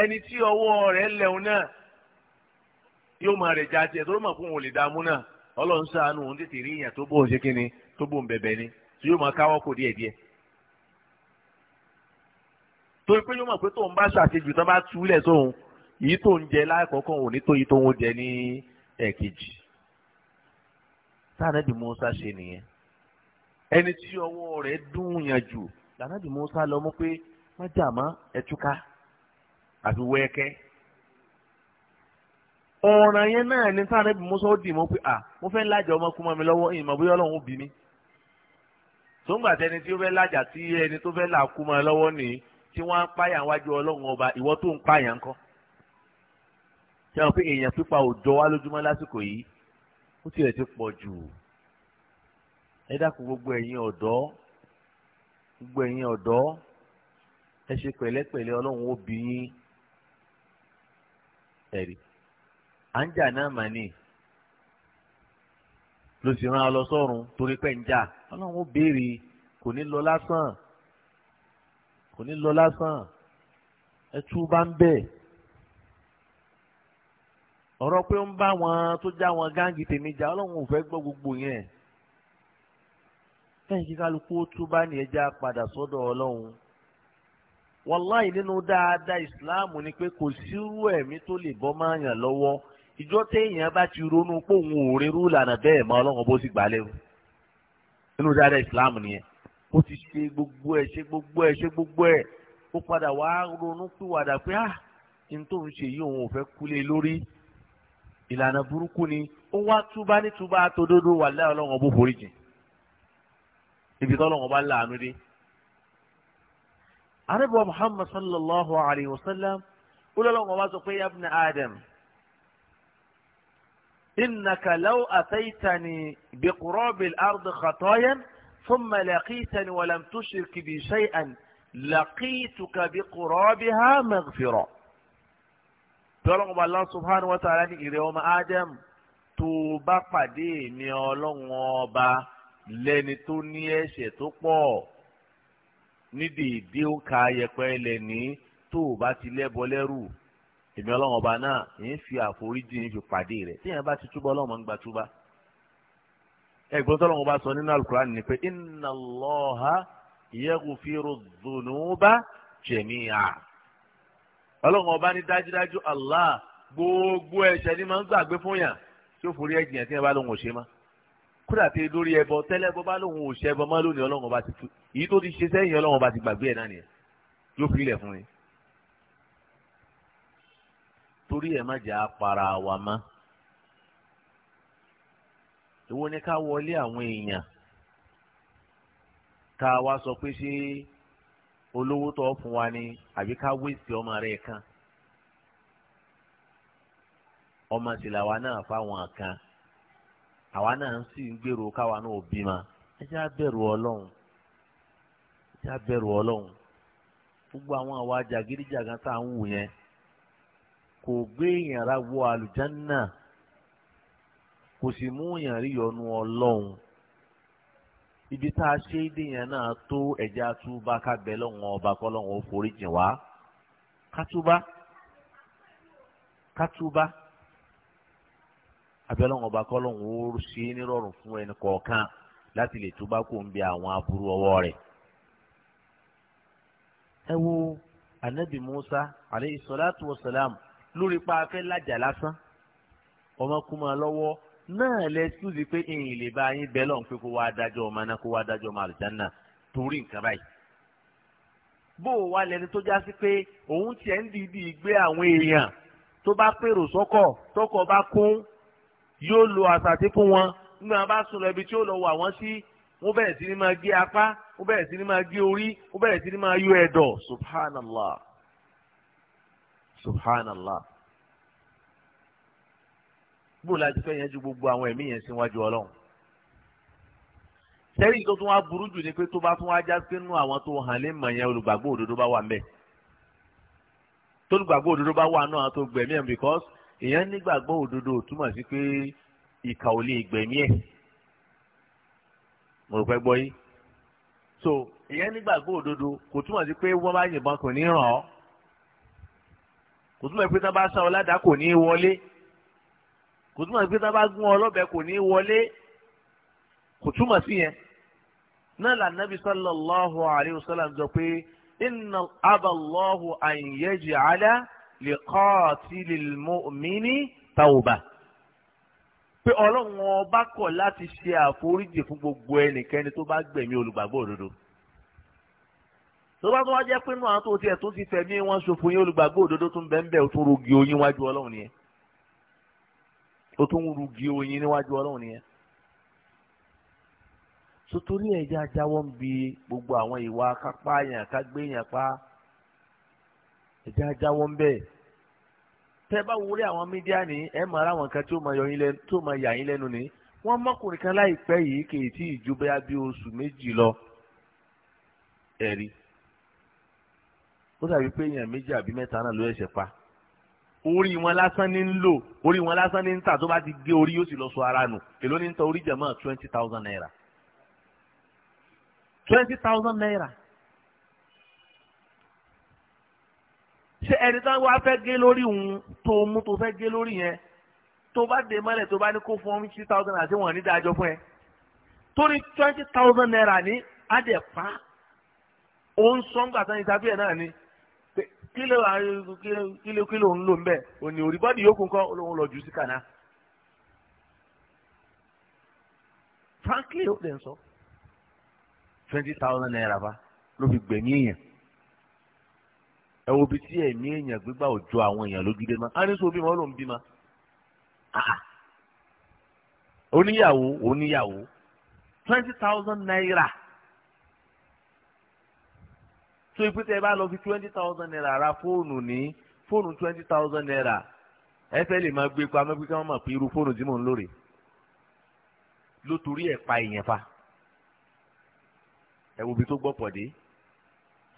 ẹni tí ọwọ́ rẹ̀ lẹ́hun náà yóò máa rẹ̀ já tiẹ̀ tó mọ̀ fún òun lè dààmú náà ọlọ́run ṣàánú òun tètè rí ìyàn tó bóun ṣe kíni tó bóun bẹ̀bẹ̀ ni tí yóò máa káwọ́ kò díẹ̀ díẹ̀ torí pé yóò mọ̀ pé tóun bá ṣàṣejù tán bá túlẹ̀ sóhun yìí tó ń jẹ lákọ̀ọ́kọ́ òní tó yìí tó ń jẹ ní ẹ̀kejì sànàbì Musa ṣe nìyẹn ẹni tí ọwọ́ rẹ̀ dùn yàn jù lànàbì Musa lọ mú pé má jà má ẹtúká àfi wẹ́ẹ́kẹ́ ọ̀ràn yẹn náà ni sànàbì Musa ó dì mọ́ pé à mo fẹ́ lájà ọmọ kú mọ́ mi lọ́wọ́ ìmọ̀ bóyá ọlọ́run bí mi sóńgbà tẹni tí ó fẹ́ lájà tí ẹni tó fẹ́ là lọ́wọ́ nìyí tí wọ́n ń pààyàn wájú ọlọ́run ọba ìwọ tó ń pààyàn kọ́ ṣé wọn pé èèyàn pípa òjò wá lójúmọ́ lásìkò yìí ó tiẹ̀ ti pọ̀ jù ẹ dákun gbogbo ẹ̀yin ọ̀dọ́ gbogbo ẹ̀yin ọ̀dọ́ ẹ ṣe pẹ̀lẹ́pẹ̀lẹ́ ọlọ́run ó bí yín ẹ̀rí à ń jà náà mà ní ló sì rán ọ lọ sọ́run torí pé ń jà ọlọ́run ó béèrè kò ní lọ lásán kò ní lọ lásán ẹ tú bá ń bẹ́ẹ̀ ọ̀rọ̀ pé ń bá wọn tó já wọn gáǹgì tèmi jà ọlọ́run ò fẹ́ gbọ́ gbogbo yẹn fẹ́yìn kí kálukú tó bá ní ẹja padà sọ́dọ̀ ọlọ́run wàláì nínú dáadáa ìsìláàmù ni pé kò sírú ẹ̀mí tó lè bọ́ máa yàn lọ́wọ́ ìjọ téèyàn bá ti ronú pé òun ò rí rúlànà bẹ́ẹ̀ mọ́ ọlọ́run bó sì gbà lẹ́rù nínú dáadáa ìsìláàmù nìyẹn ó ti ṣe gbogbo ẹ̀ ṣe gbogbo ẹ̀ ṣe gbogbo ẹ̀ ó padà wá ronú pé ah n tó ń ṣe yìí òun ò fẹ́ kúlé lórí ìlànà burúkú ni ó wá túbá ní túbá tódódó wà láyé ọlọ́run ọbó forí jìn ibi tó ọlọ́run ọba láàánú dé. àrẹ́bọ̀ muhammad sallallahu alayhi wa sallam ó lọ́lọ́run ọba sọ pé ya ibn adam innaka law ataytani bi qurabil ardi khatayan thumma laqitani wa lam tushrik bi shay'an laqituka bi qurabiha maghfira tọ́lọ́mọba Allah subhanahu wa ta'ala ní ìrẹ́ ọmọ Adam tó bá pàdé mi ọlọ́run ọba lẹ́ni tó ní ẹ̀ṣẹ̀ tó pọ̀ nídìí ìdí ó ka yẹpẹ lẹ́ni tó o bá ti lẹ́bọ lẹ́rù èmi ọlọ́run ọba náà èyí fi àforíjì yìí fi pàdé rẹ̀ tí bá ti túbọ̀ ọlọ́run gba túbá. ẹ̀gbọ́n tọ́lọ́run ọba sọ nínú alukur'an ni pé inna Allaha yaghfiru dhunuba jami'a ọlọ́run ọba ní dájúdájú allah gbogbo ẹ̀ṣẹ̀ ni máa ń gbàgbé fún yàn tí ó forí ẹ̀jìn yẹn tí yẹn bá lóun ò ṣe má kódà tí lórí ẹbọ tẹ́lẹ̀ bọ́ bá lóun ò ṣe ẹbọ má lónìí ọlọ́run ọba ti tu èyí tó ti ṣe sẹ́yìn ọlọ́run ọba ti gbàgbé ẹ̀ náà nìyẹn yóò fi ilẹ̀ fún ni. torí ẹ̀ má jẹ́ apara wa má ìwọ ni ká wọlé àwọn èèyàn ká wá sọ pé ṣé olówó tó fún wa ni àbí ká wéèsì ọmọ rẹ kan ọmọ tìlàwa náà fáwọn kan àwa náà sì ń gbèrò káwa náà bímọ ẹ jẹ́ abẹ̀rù ọlọ́run ẹ jẹ́ abẹ̀rù gbogbo àwọn àwa jàgídíjàgan tá à ń wù yẹn kò gbé èèyàn wọ wọ àlùjánnà kò sì mú èèyàn rí yọnu ọlọ́run ibi tá a ṣe é dé yẹn náà tó ẹja túbá ká bẹ lọ́wọ́n ọba kọ́lọ́wọ́n forí jìn wá kátúbá kátúbá abẹ́lọ́wọ́n ọba kọ́lọ́wọ́n ó ṣe é nírọ̀rùn fún ẹnì kọ̀ọ̀kan láti lè túbá kó ń bi àwọn aburú ọwọ́ rẹ̀. wo anabi musa aleyhi salatu wa salam lórí pa afẹ́ lásán ọmọkùnrin lọ́wọ́ náà lẹ túzi pé èyìn lè bá yín bẹ́ẹ̀ lọ́n pé kó wá dájọ́ ọmọ náà kó wá dájọ́ ọmọ àlùjáná torí nǹkan báyìí. bó o wá lẹni tó já sí pé òun tiẹ̀ ń dìídì gbé àwọn èèyàn tó bá pèrò sọ́kọ̀ tọkọ̀ bá kún yóò lo àsàtì fún wọn nígbà bá sùn lọ ibi tí ó lọ wà wọ́n sí wọ́n bẹ̀rẹ̀ sí ni máa gé apá wọ́n bẹ̀rẹ̀ sí ni máa gé orí wọ́n bẹ̀rẹ̀ sí ni máa yọ ẹ̀dọ̀ subhanallah subhanallah bó la ti fẹ́ yanjú gbogbo àwọn ẹ̀mí yẹn síwájú ọlọ́run. sẹ́yìn tó tún wá burú jù ni pé tó bá tún wá já sínú àwọn tó hàn lé mọ̀ yẹn olùgbàgbọ́ òdodo bá wà ń bẹ̀. tólùgbàgbọ́ òdodo bá wà náà tó gbẹ̀mí ẹ̀ because èèyàn nígbàgbọ́ òdodo ò túmọ̀ sí pé ìkà ò lè gbẹ̀mí ẹ̀. mo rò pé gbọ́ yìí. so èèyàn nígbàgbọ́ òdodo kò túmọ̀ sí pé wọ́n bá yìnbọn kò ní ràn ọ́ kò túmọ̀ sí pé tí wọ́n bá sá ọ ládàá kò ní wọlé kò túmọ̀ sí pé tá a bá gún ọ lọ́bẹ kò ní wọlé kò túmọ̀ sí yẹn náà là nàbí sallallahu alayhi wa sallam sọ pé inna aballahu an yaj'ala li qatilil mu'mini tawba pé ọlọ́run ọba kọ̀ láti ṣe àforíjì fún gbogbo ẹnikẹ́ni tó bá gbẹ̀mí olùgbàgbọ́ òdodo tó bá tó wá jẹ́ pé nù àwọn tó tó ti fẹ̀mí wọn ṣòfò yín olùgbàgbọ́ òdodo tó ń bẹ́ẹ̀ bẹ́ẹ̀ tó rogi oyin wájú ọlọ́run yẹn ó tún ń rugi oyin níwájú ọlọ́run nìyẹn sotori ẹja jáwọ́ ń bi gbogbo àwọn ìwà kapa kágbéyàn pa ẹja jáwọ́ ń bẹ̀ tẹ bá wúrí àwọn mídíà ní ẹ ara àwọn nǹkan tí ó máa yà yín lẹ́nu ni wọ́n mọ́kùnrin kan láìpẹ́ yìí kì í tí ì ju lọ ẹ̀rí ó dàbí pé èèyàn méjì àbí mẹ́ta náà pa. orí wọn lásán ní ń lò orí wọn lásán ní ń tà tó bá ti gé orí yóò sì lọ sọ ara nù èló ní ń tọ orí jẹ̀mọ́ twenty thousand naira twenty thousand naira ṣé ẹni tó wá fẹ́ gé lórí òun tó mú tó fẹ́ gé lórí yẹn tó bá dé mọ́lẹ̀ tó bá ní kó fún three thousand àti wọ́n ní dájọ́ fún ẹ torí twenty thousand naira ní adẹ̀pá òun sọ́ngbà sanni tàbí ẹ̀ náà ni. Kilo kílò kilo ń lò ń bẹ̀ òní orí bọ́dì yòókù kan olóhùn lọ jù sí kànáà. frankly ó lè sọ twenty thousand naira bá ló fi gbẹ̀mí èèyàn ẹ wo bi tí ẹ̀mí èèyàn gbígbà òjò àwọn èèyàn lójúdé ma arísọ bímọ ló ń bímọ ah, ah. oníyàwó oníyàwó twenty thousand naira so ipe tẹ́ ẹ bá lọ fi twenty thousand naira ra fóònù ní fóònù twenty thousand naira ẹ fẹ́ lè máa gbé e pamọ́ pé kí wọ́n mọ̀ pé irú fóònù tí mò ń lòrè ló torí ẹ̀ pa ìyẹn fa ẹ wo ibi tó gbọ́ pọ̀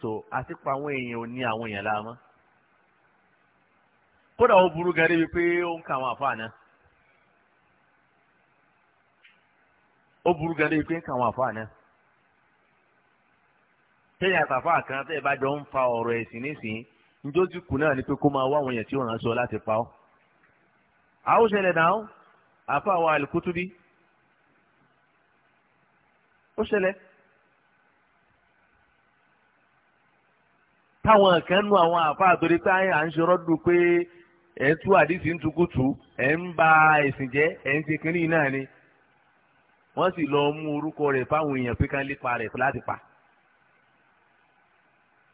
so àti pa àwọn èèyàn ò ní àwọn èèyàn láàmú kódà ó burú gan débi pé ó ń ka àwọn àfa ó burú gan débi pé ń ka àwọn àfa tẹ́yìn àtàfà kan tẹ́ ẹ bá jọ ń fa ọ̀rọ̀ ẹ̀sìn nísìnyí njó ti kù náà ni pé kó máa wá àwọn èèyàn tí ò rán aṣọ láti pa ọ́. àwọn ṣẹlẹ̀ náà àfa àwọn àlùkùtùbí ó ṣẹlẹ̀ táwọn kan nu àwọn àfa àtòrí pé à ń ṣe rọ́dù pé ẹ̀ ń tú àdìsí ń tukutu ẹ̀ ń ba ẹ̀sìn jẹ́ ẹ̀ ń ṣe kínní náà ni wọ́n sì lọ mú orúkọ rẹ̀ fáwọn èèyàn pé ká lè pa rẹ̀ láti pa.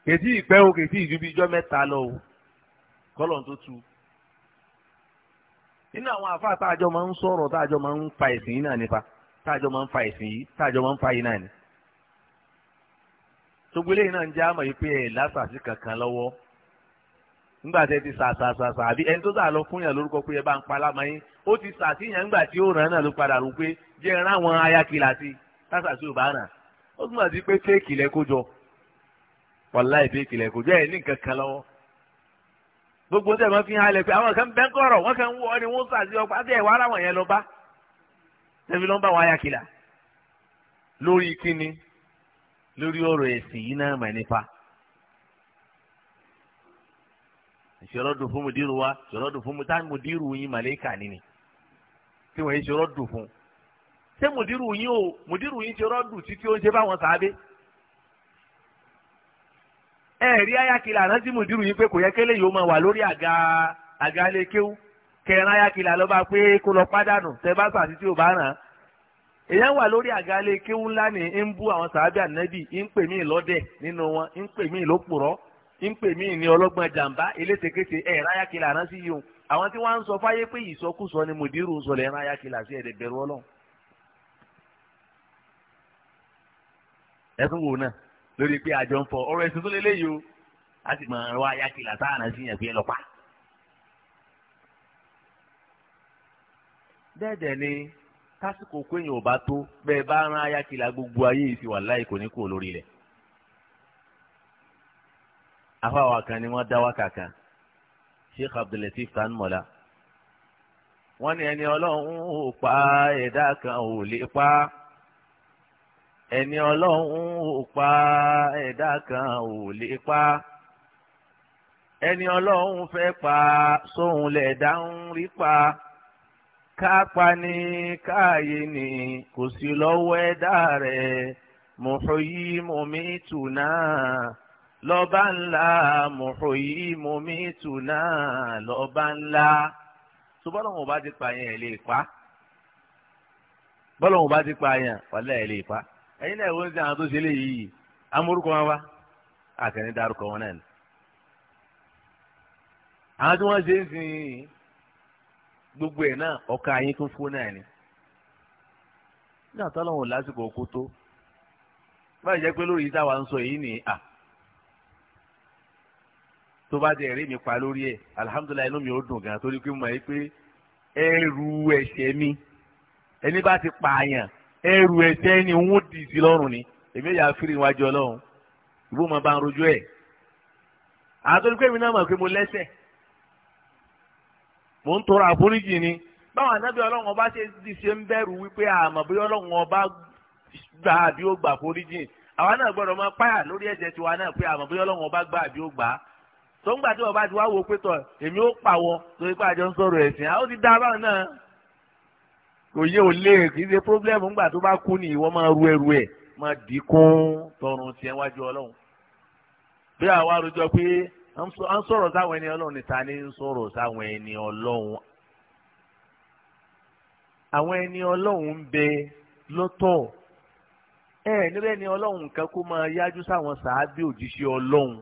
kètì ìpẹ́ o kètì ìjú bíi ijọ́ mẹ́ta lọ o kọ́lọ̀ tó tu. nínú àwọn àfáà táàjọ máa ń sọ̀rọ̀ táàjọ máa ń fa ìsìn yìí náà nípa táàjọ máa ń fa ìsìn yìí táàjọ máa ń fa yìí náà ni. gbogbo eléyìí náà ń já àmọ̀ yìí pé ẹ̀ kankan lọ́wọ́ lọ fún yàn lórúkọ pé ẹ bá ń ti tí ó ràn náà ló padà rò pé àwọn ayakilasi ò bá ó túmọ̀ sí wàláì bí ìkìlẹ̀ kò jẹ́ ní nǹkan kan lọ́wọ́ gbogbo tẹ̀ máa fi hàn lẹ́pẹ́ àwọn kan bẹ́ẹ̀ kọ̀rọ̀ wọ́n kan wọ́ ni wọ́n sàdí ọgbà àti ẹ̀wọ́ ara wọ̀nyẹn lọ bá tẹ̀fi lọ́n bá wọn ayà kìlà lórí kíni lórí ọ̀rọ̀ ẹ̀sìn yìí náà mà nípa. ìṣòro dùn fún mùdírù wa ìṣòro dùn fún mùtá mùdírù yín màlẹ́kà nínú tí wọ́n ìṣòro dùn fún. ṣé mùdírù yín o mùdírù yín ṣòro dùn títí ó ń ṣe báwọn sàábé. ẹ rí ayakilẹ àrántí mudiru yìí pé kò yẹ kélé yìí ó máa wà lórí àga àga lẹkẹwù kẹrin ayakilẹ alọba bá pé kó lọ pádànù tẹ bá sàtì tí o bá ràn án èyàn wà lórí àga lẹkẹwù ńlá ni ń bú àwọn sàábì ànábì ń pè mí lọ́dẹ̀ nínú wọn ń pè mí ń pè mí ní ẹ rí ayakilẹ yìí o àwọn sọ ni mùdírù ń sọ lẹ́yìn ayakilẹ lórí pé àjọ ń fọ ọ̀rọ̀ ẹ̀sìn tó lélẹ́yìí o a sì máa wá ayákìlá sáànà sí yẹn fi ẹ lọ pa. dẹ́ẹ̀dẹ̀ ni tásìkò péyìn ò bá tó bẹ́ẹ̀ bá rán ayákìlá gbogbo ayé yìí sí wà láì kò ní kúrò lórí rẹ̀. afáwa kan ni wọ́n dá wákà kan Sheikh Abdulatif Tanmola wọ́n ní ẹni ọlọ́run ò pa ẹ̀dá kan ò lè pa á ẹni ọlọ́run ò pa ẹ̀dá kan ò lè pa ẹni ọlọ́run fẹ́ pa sóhun lẹ̀dá ń rí pa ká ni káàyè ni kò sí lọ́wọ́ ẹ̀dá rẹ̀ mọ̀hóyí mọ̀mí tùnà lọ́ba ńlá mọ̀hóyí mọ̀mí tùnà lọ́ba ńlá tó bọ́lọ́hún bá ti pààyàn ẹ̀ lè pa bọ́lọ́hún bá ti pààyàn wàlẹ́ ẹ̀ lè pa ẹ̀yin náà wọ́n ń sẹ́ àwọn tó ṣe léyìí yìí amórúkọ wọn wá àtẹni dárúkọ wọn náà ni àwọn tí wọ́n ṣe ń sìn gbogbo ẹ̀ náà ọkọ ayín tó fún náà ni nígbà tó lọ́wọ́ lásìkò ọkọ tó báyìí jẹ́ pé lórí yìí ń sọ èyí nìyí à tó bá dé ẹ̀rí mi pa lórí ẹ̀ alihamudulilayi inú mi ò dùn gan torí pé mo mọ̀ ẹ́ pé ẹrù ẹ̀ṣẹ̀ mi ẹni bá ti pààyàn ẹrù ẹ̀ṣẹ̀ ni òun dì sí lọ́rùn ni èmi yà fìrì wájú ọlọ́run ìbò máa bá ń rojú ẹ̀ àtọ́jú pé èmi náà mọ̀ pé mo lẹ́ṣẹ̀ mò ń tọrọ àforíjì ni báwọn anábì ọlọ́run ọba ṣe ti ṣe ń bẹ̀rù wípé àmọ́ bí ọlọ́run ọba gbà àbí ó gbà àforíjì àwa náà gbọ́dọ̀ máa páyà lórí ẹ̀ṣẹ̀ tiwa náà pé àmọ́ ọlọ́run ọba gbà àbí ó gbà á tó ń gbà tí ọba ti wá wo pé tọ̀ èmi ó pàwọ́ torí pé àjọ ń sọ̀rọ̀ ẹ̀sìn àwọn ti dá báwọn náà òye ò lè kì í ṣe problem. ńgbà tó bá kú ni ìwọ máa ru ẹrù ẹ̀ máa dì kún tọrùn tiẹ̀ wájú ọlọ́run bí àwa rojọ pé à ń sọ̀rọ̀ sáwọn ẹni ọlọ́run níta ni ń sọ̀rọ̀ sáwọn ẹni ọlọ́run àwọn ẹni ọlọ́run ń bẹ lọ́tọ̀ ẹ níbẹ̀ ni ọlọ́run kan kó máa yájú sáwọn sàábì òjíṣẹ́ ọlọ́run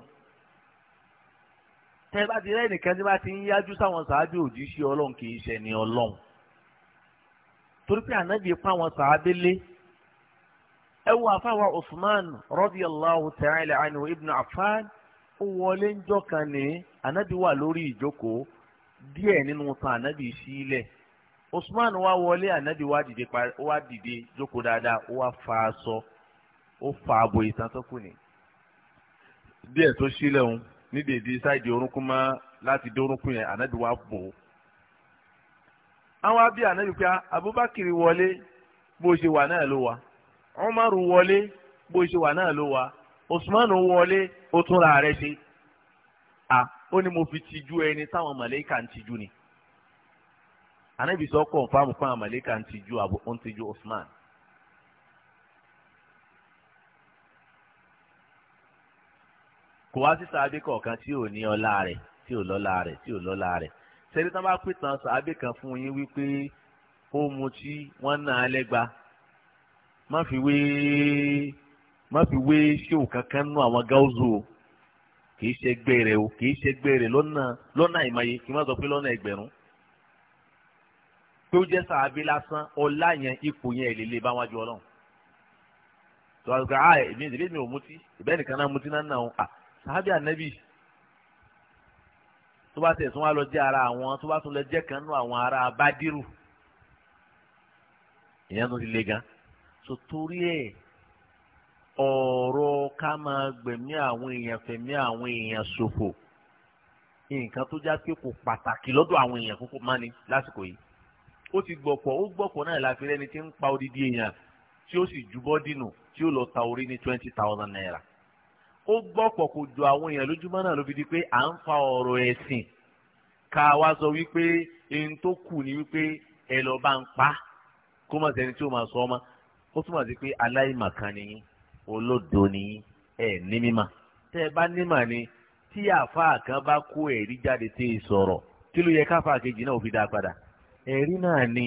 tẹ́ bá ti rẹ́ nìkan tí bá ti ń yájú sáwọn sàábì òjíṣẹ́ ọlọ́run kì í ṣe ni ọlọ́run torí pé ànábì pa àwọn sàábé ẹ wo Usman radiyallahu ta'ala anhu ibn Affan ó wọlé ńjọ́ kan ní ànábì wà lórí ìjókòó díẹ̀ nínú tan ànábì sílẹ̀ Usman wá wọlé ànábì wá dìde jókòó dáadáa ó wá fa aṣọ ó fa abo ìtàn tó kù díẹ̀ tó sílẹ̀ ń ní dèdè mọ́ láti dé yẹn wá àwọn abí ànábì pé Abubakar wọlé bó ṣe wà náà ló wà Umar wọlé bó ṣe wà náà ló wà Usman wọlé ó tún ra rẹ̀ ṣe à ó ní mo fi tijú ẹni táwọn màlẹ́kà ń tijú ni ànábì sọ kọ̀ǹfàmù fún àwọn màlẹ́kà ń Usman. kò wá tí ò ní ọlá rẹ̀ tí ò rẹ̀ tí ò sẹ́ni tán bá pè tán sàábì kan fún yín wípé ó mutí wọ́n nà á lẹ́gba má fi wé má fi wé ṣéwù kankan nú àwọn gáúzù o kìí ṣe gbèrè o kìí ṣe gbèrè lọ́nà lọ́nà ìmọ̀ye kì í má sọ pé lọ́nà ẹgbẹ̀rún pé ó jẹ́ sàábì lásán ọlá yẹn ipò yẹn èlé lè bá wájú ọlọ́run tó a sọ pé mi ah, èmi èmi ò mutí ìbẹ́ nìkan náà mutí náà nà ó ah sàábì ànábì tó bá tẹ̀sán wá lọ jẹ́ ara àwọn tó bá tún lọ jẹ́ kan nú àwọn ará abádírù ìyẹn tó ti le gan so torí ẹ̀ ọ̀rọ̀ ká máa gbẹ̀mí àwọn èèyàn fẹ̀mí àwọn èèyàn ṣòfò nǹkan tó já pé kò pàtàkì lọ́dọ̀ àwọn èèyàn kókó má ni lásìkò yìí ó ti gbọ̀pọ̀ ó gbọ̀pọ̀ náà láfi rẹ́ni tí ń pa odidi èèyàn tí ó sì jubọ́ dínú tí ó lọ ta orí ní twenty thousand naira ó gbọ́pọ̀ kò jọ àwọn èèyàn lójúmọ́ náà ló fi di pé à ń fa ọ̀rọ̀ ẹ̀sìn ká wá sọ wípé ẹni tó kù ni wípé ẹ lọ bá ń pa kó mọ̀ tí ó máa sọ ó túmọ̀ sí pé aláìmọ̀kan ni ni yín ní mímọ̀ tẹ́ ẹ bá nímọ̀ ni tí àáfàá kan bá kó ẹ̀rí jáde tí ì sọ̀rọ̀ kí ló yẹ káfàá kejì náà ò fi dá padà ẹ̀rí náà ni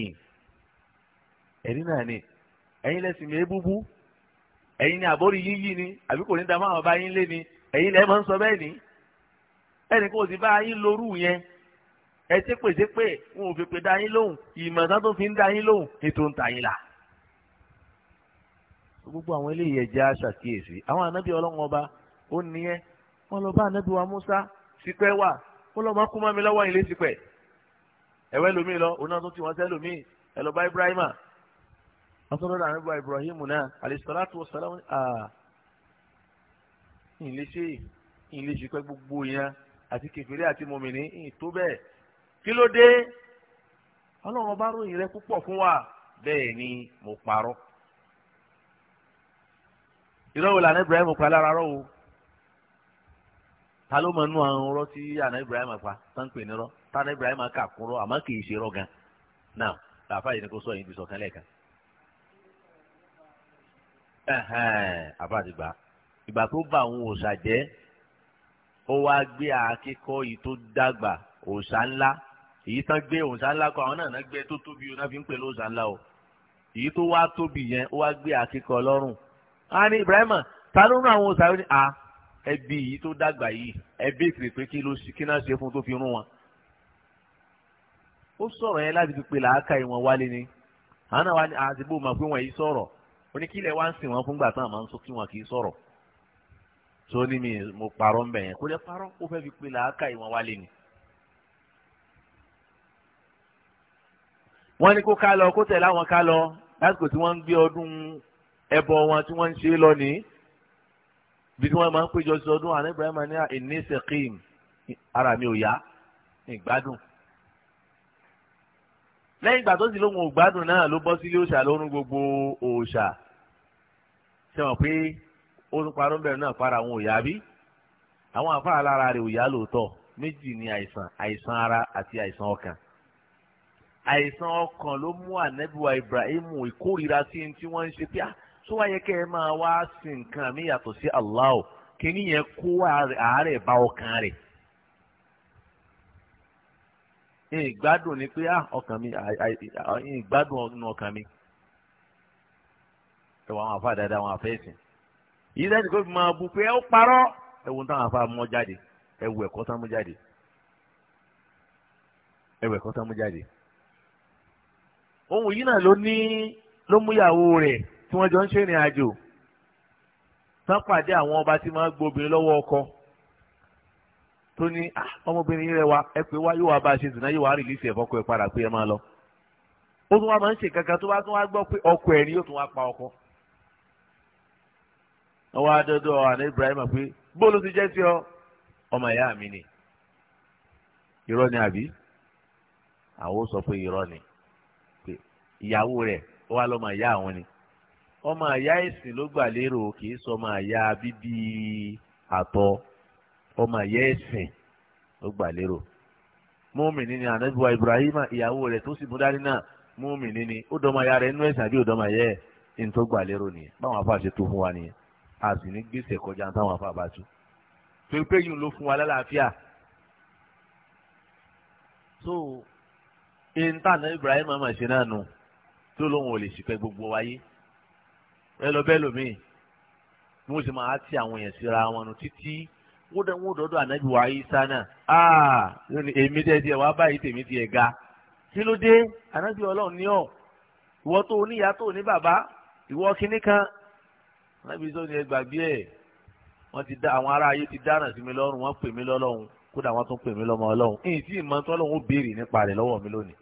ẹ̀rí náà ni ẹ̀yin ni àbórí yíyí ni àbí kò ní da fáwọn ọba yín lé ni ẹ̀yin lẹ́ máa ń sọ bẹ́ẹ̀ ni ẹnì kò sì bá yín lórú yẹn ẹ ti pèsè pé wọn ò fi pè dá yín lóhùn ìmọ̀tán tó fi ń dá yín lóhùn ètò ń ta yín la. gbogbo àwọn eléyìí ẹ̀jẹ̀ á ṣàkíyèsí àwọn anábì ọlọ́run ọba ó ní ẹ wọn lọ bá anábì wa Musa sípẹ́ wà ó lọ máa kú mọ́ mi lọ́wọ́ ilé sípẹ́ ẹ̀wẹ́ lomi lọ òun náà tó ti wọ́n sẹ́ lomi ẹ̀ lọ bá Ibrahima àtúndọ̀dọ̀ àwọn ìbúra Ibrahim náà àlèsàlátù wọ̀sálàmù ìlẹ́sẹ̀ ìlẹ́sẹ̀ pẹ́ gbogbo yẹn àti kẹfìrí àti mọ̀mìnì ìtó bẹ́ẹ̀ kí ló dé ọlọ́run bá ròyìn rẹ púpọ̀ fún wa bẹ́ẹ̀ ni mo parọ́ Ibrahim pa lára ta ló mọ̀ nú àwọn ọ̀rọ̀ tí àná Ibrahim pa tán pè ní rọ̀ Ibrahim kà kúrọ̀ àmọ́ kì í ṣe rọ̀ gan náà yìí ni kò sọ àbádìgbà ìgbà tó bá àwọn òòṣà jẹ́ ó wá gbé àkíkọ́ yìí tó dàgbà òòṣà ńlá èyí tán gbé òòṣà ńlá kọ àwọn náà náà gbé tó tóbi yìí náà fi ń pè lóòṣà ńlá o èyí tó wá tóbi yẹn ó wá gbé àkíkọ́ lọ́rùn á ní Ibrahima ta ló rún àwọn òòṣà yìí a ẹbí yìí tó dàgbà yìí ẹbí ìkìlẹ̀ pé kí ló kí náà ṣe fún tó fi rún wọn. ó sọ̀rọ̀ yẹn láti fi pè làákà ìwọ̀n wálé ni àwọn náà wá ní oníkílẹ̀ wá ń sìn wọn fúngbà tán àmọ́ ń sọ kí wọn kì í sọ̀rọ̀ tó ní mi mo parọ́ ń bẹ̀ yẹn kó lè parọ́ ó fẹ́ fi pe làákà ìwọ̀n wálé ni. wọ́n ní kó ká lọ kó tẹ̀lé àwọn ká lọ lásìkò tí wọ́n ń gbé ọdún ẹbọ wọn tí wọ́n ń ṣe lọ ní bí wọ́n máa ń péjọ sí ọdún àná Ibrahim ní ìní ah, sẹ́kìm ara mi ò yá ìgbádùn lẹ́yìn ìgbà tó sì lóun ò gbádùn náà ló bọ́ sílé òòṣà lórun gbogbo òòṣà sẹ́wọ̀n pé ó ń parọ́ bẹ̀rẹ̀ náà para àwọn òyà bí àwọn àfáà lára rẹ̀ òyà lóòótọ́ méjì ni àìsàn àìsàn ara àti àìsàn ọkàn àìsàn ọkàn ló mú ànẹ́bíwá Ibrahim ìkórira sí ní tí wọ́n ń ṣe pé ah tó wáyé kẹ́ ẹ máa wá sí nǹkan mi yàtọ̀ sí Allah kíní yẹn kó àárẹ̀ bá ọkàn rẹ̀ ìgbádùn ni pé ah ọkàn mi ìgbádùn ọkàn mi ẹwà àwọn afa dáadáa àwọn afa ẹsìn yìí dájú pé máa bu pé ẹ ó parọ́ ẹwù táwọn afa mọ jáde ẹwù ẹ̀kọ́ tán mú jáde ẹwù ẹ̀kọ́ tán mú jáde ohun yìí náà ló ní ló mú ìyàwó rẹ̀ tí wọ́n jọ ń ṣèrìn àjò tán pàdé àwọn ọba tí máa ń gbóbìnrin lọ́wọ́ ọkọ tó ní ah, ọmọbìnrin rẹ wa ẹ pé wá yóò wá bá a ṣe dùnà yóò wá rìlíìsì ẹ̀fọ́kọ ẹ̀ padà pé ẹ máa lọ ó tún wá máa ń ṣe kankan tó bá tún wá gbọ́ pé ọkọ ẹ̀ ni yóò tún wá pa ọkọ. wọ́n wá dọ́dọ̀ àná Ibrahim pé bóòlù ti jẹ́ sí ọ ọmọ ìyá mi ni irọ́ ni àbí àwọn sọ pé irọ́ ni ìyàwó rẹ̀ ó wá lọ́mọ ìyá àwọn ni ọmọ ìyá ẹ̀sìn ló gbà lérò kì í sọ ọmọ ìyá bíbí àtọ ọmọ ìyá ẹ̀sìn ló gbà lérò múmìnì ni anabiwa Ibrahim ìyàwó rẹ tó sì mú dání náà múmìnì ni ó ìyá nínú ẹ̀sìn àbí ó ìyá ní tó gbà lérò nìyẹn báwọn fún wa nìyẹn. a sì ní gbèsè kọjá táwọn afa bá tu torí pé yìí fún wa lálàáfíà so intanet Ibrahim ama ṣe náà nù tó lóun ò lè ṣìpẹ̀ gbogbo wáyé ẹlọbẹlòmíì mo sì máa ti àwọn èèyàn síra wọn nù títí wọ́n dọ́dọ̀ ànábì wa Ìsá náà aa ah, èmi dẹ́dí ẹ̀ wá báyìí tèmi ti ẹ̀ ga kí ló dé ànábì ọlọ́run ní ọ̀ ìwọ tó oníyá tó ní bàbá ìwọ kínní kan anábì sọ ni ẹ gbàgbé ẹ̀ wọ́n ti dá àwọn ará ayé ti dáràn sí mi lọ́rùn wọ́n pè mí lọ́lọ́run kódà wọ́n tún pè mí lọ́mọ ọlọ́run èyí tí ìmọ̀ tó lọ́run ó béèrè nípa rẹ̀ lọ́wọ́ mi lónìí.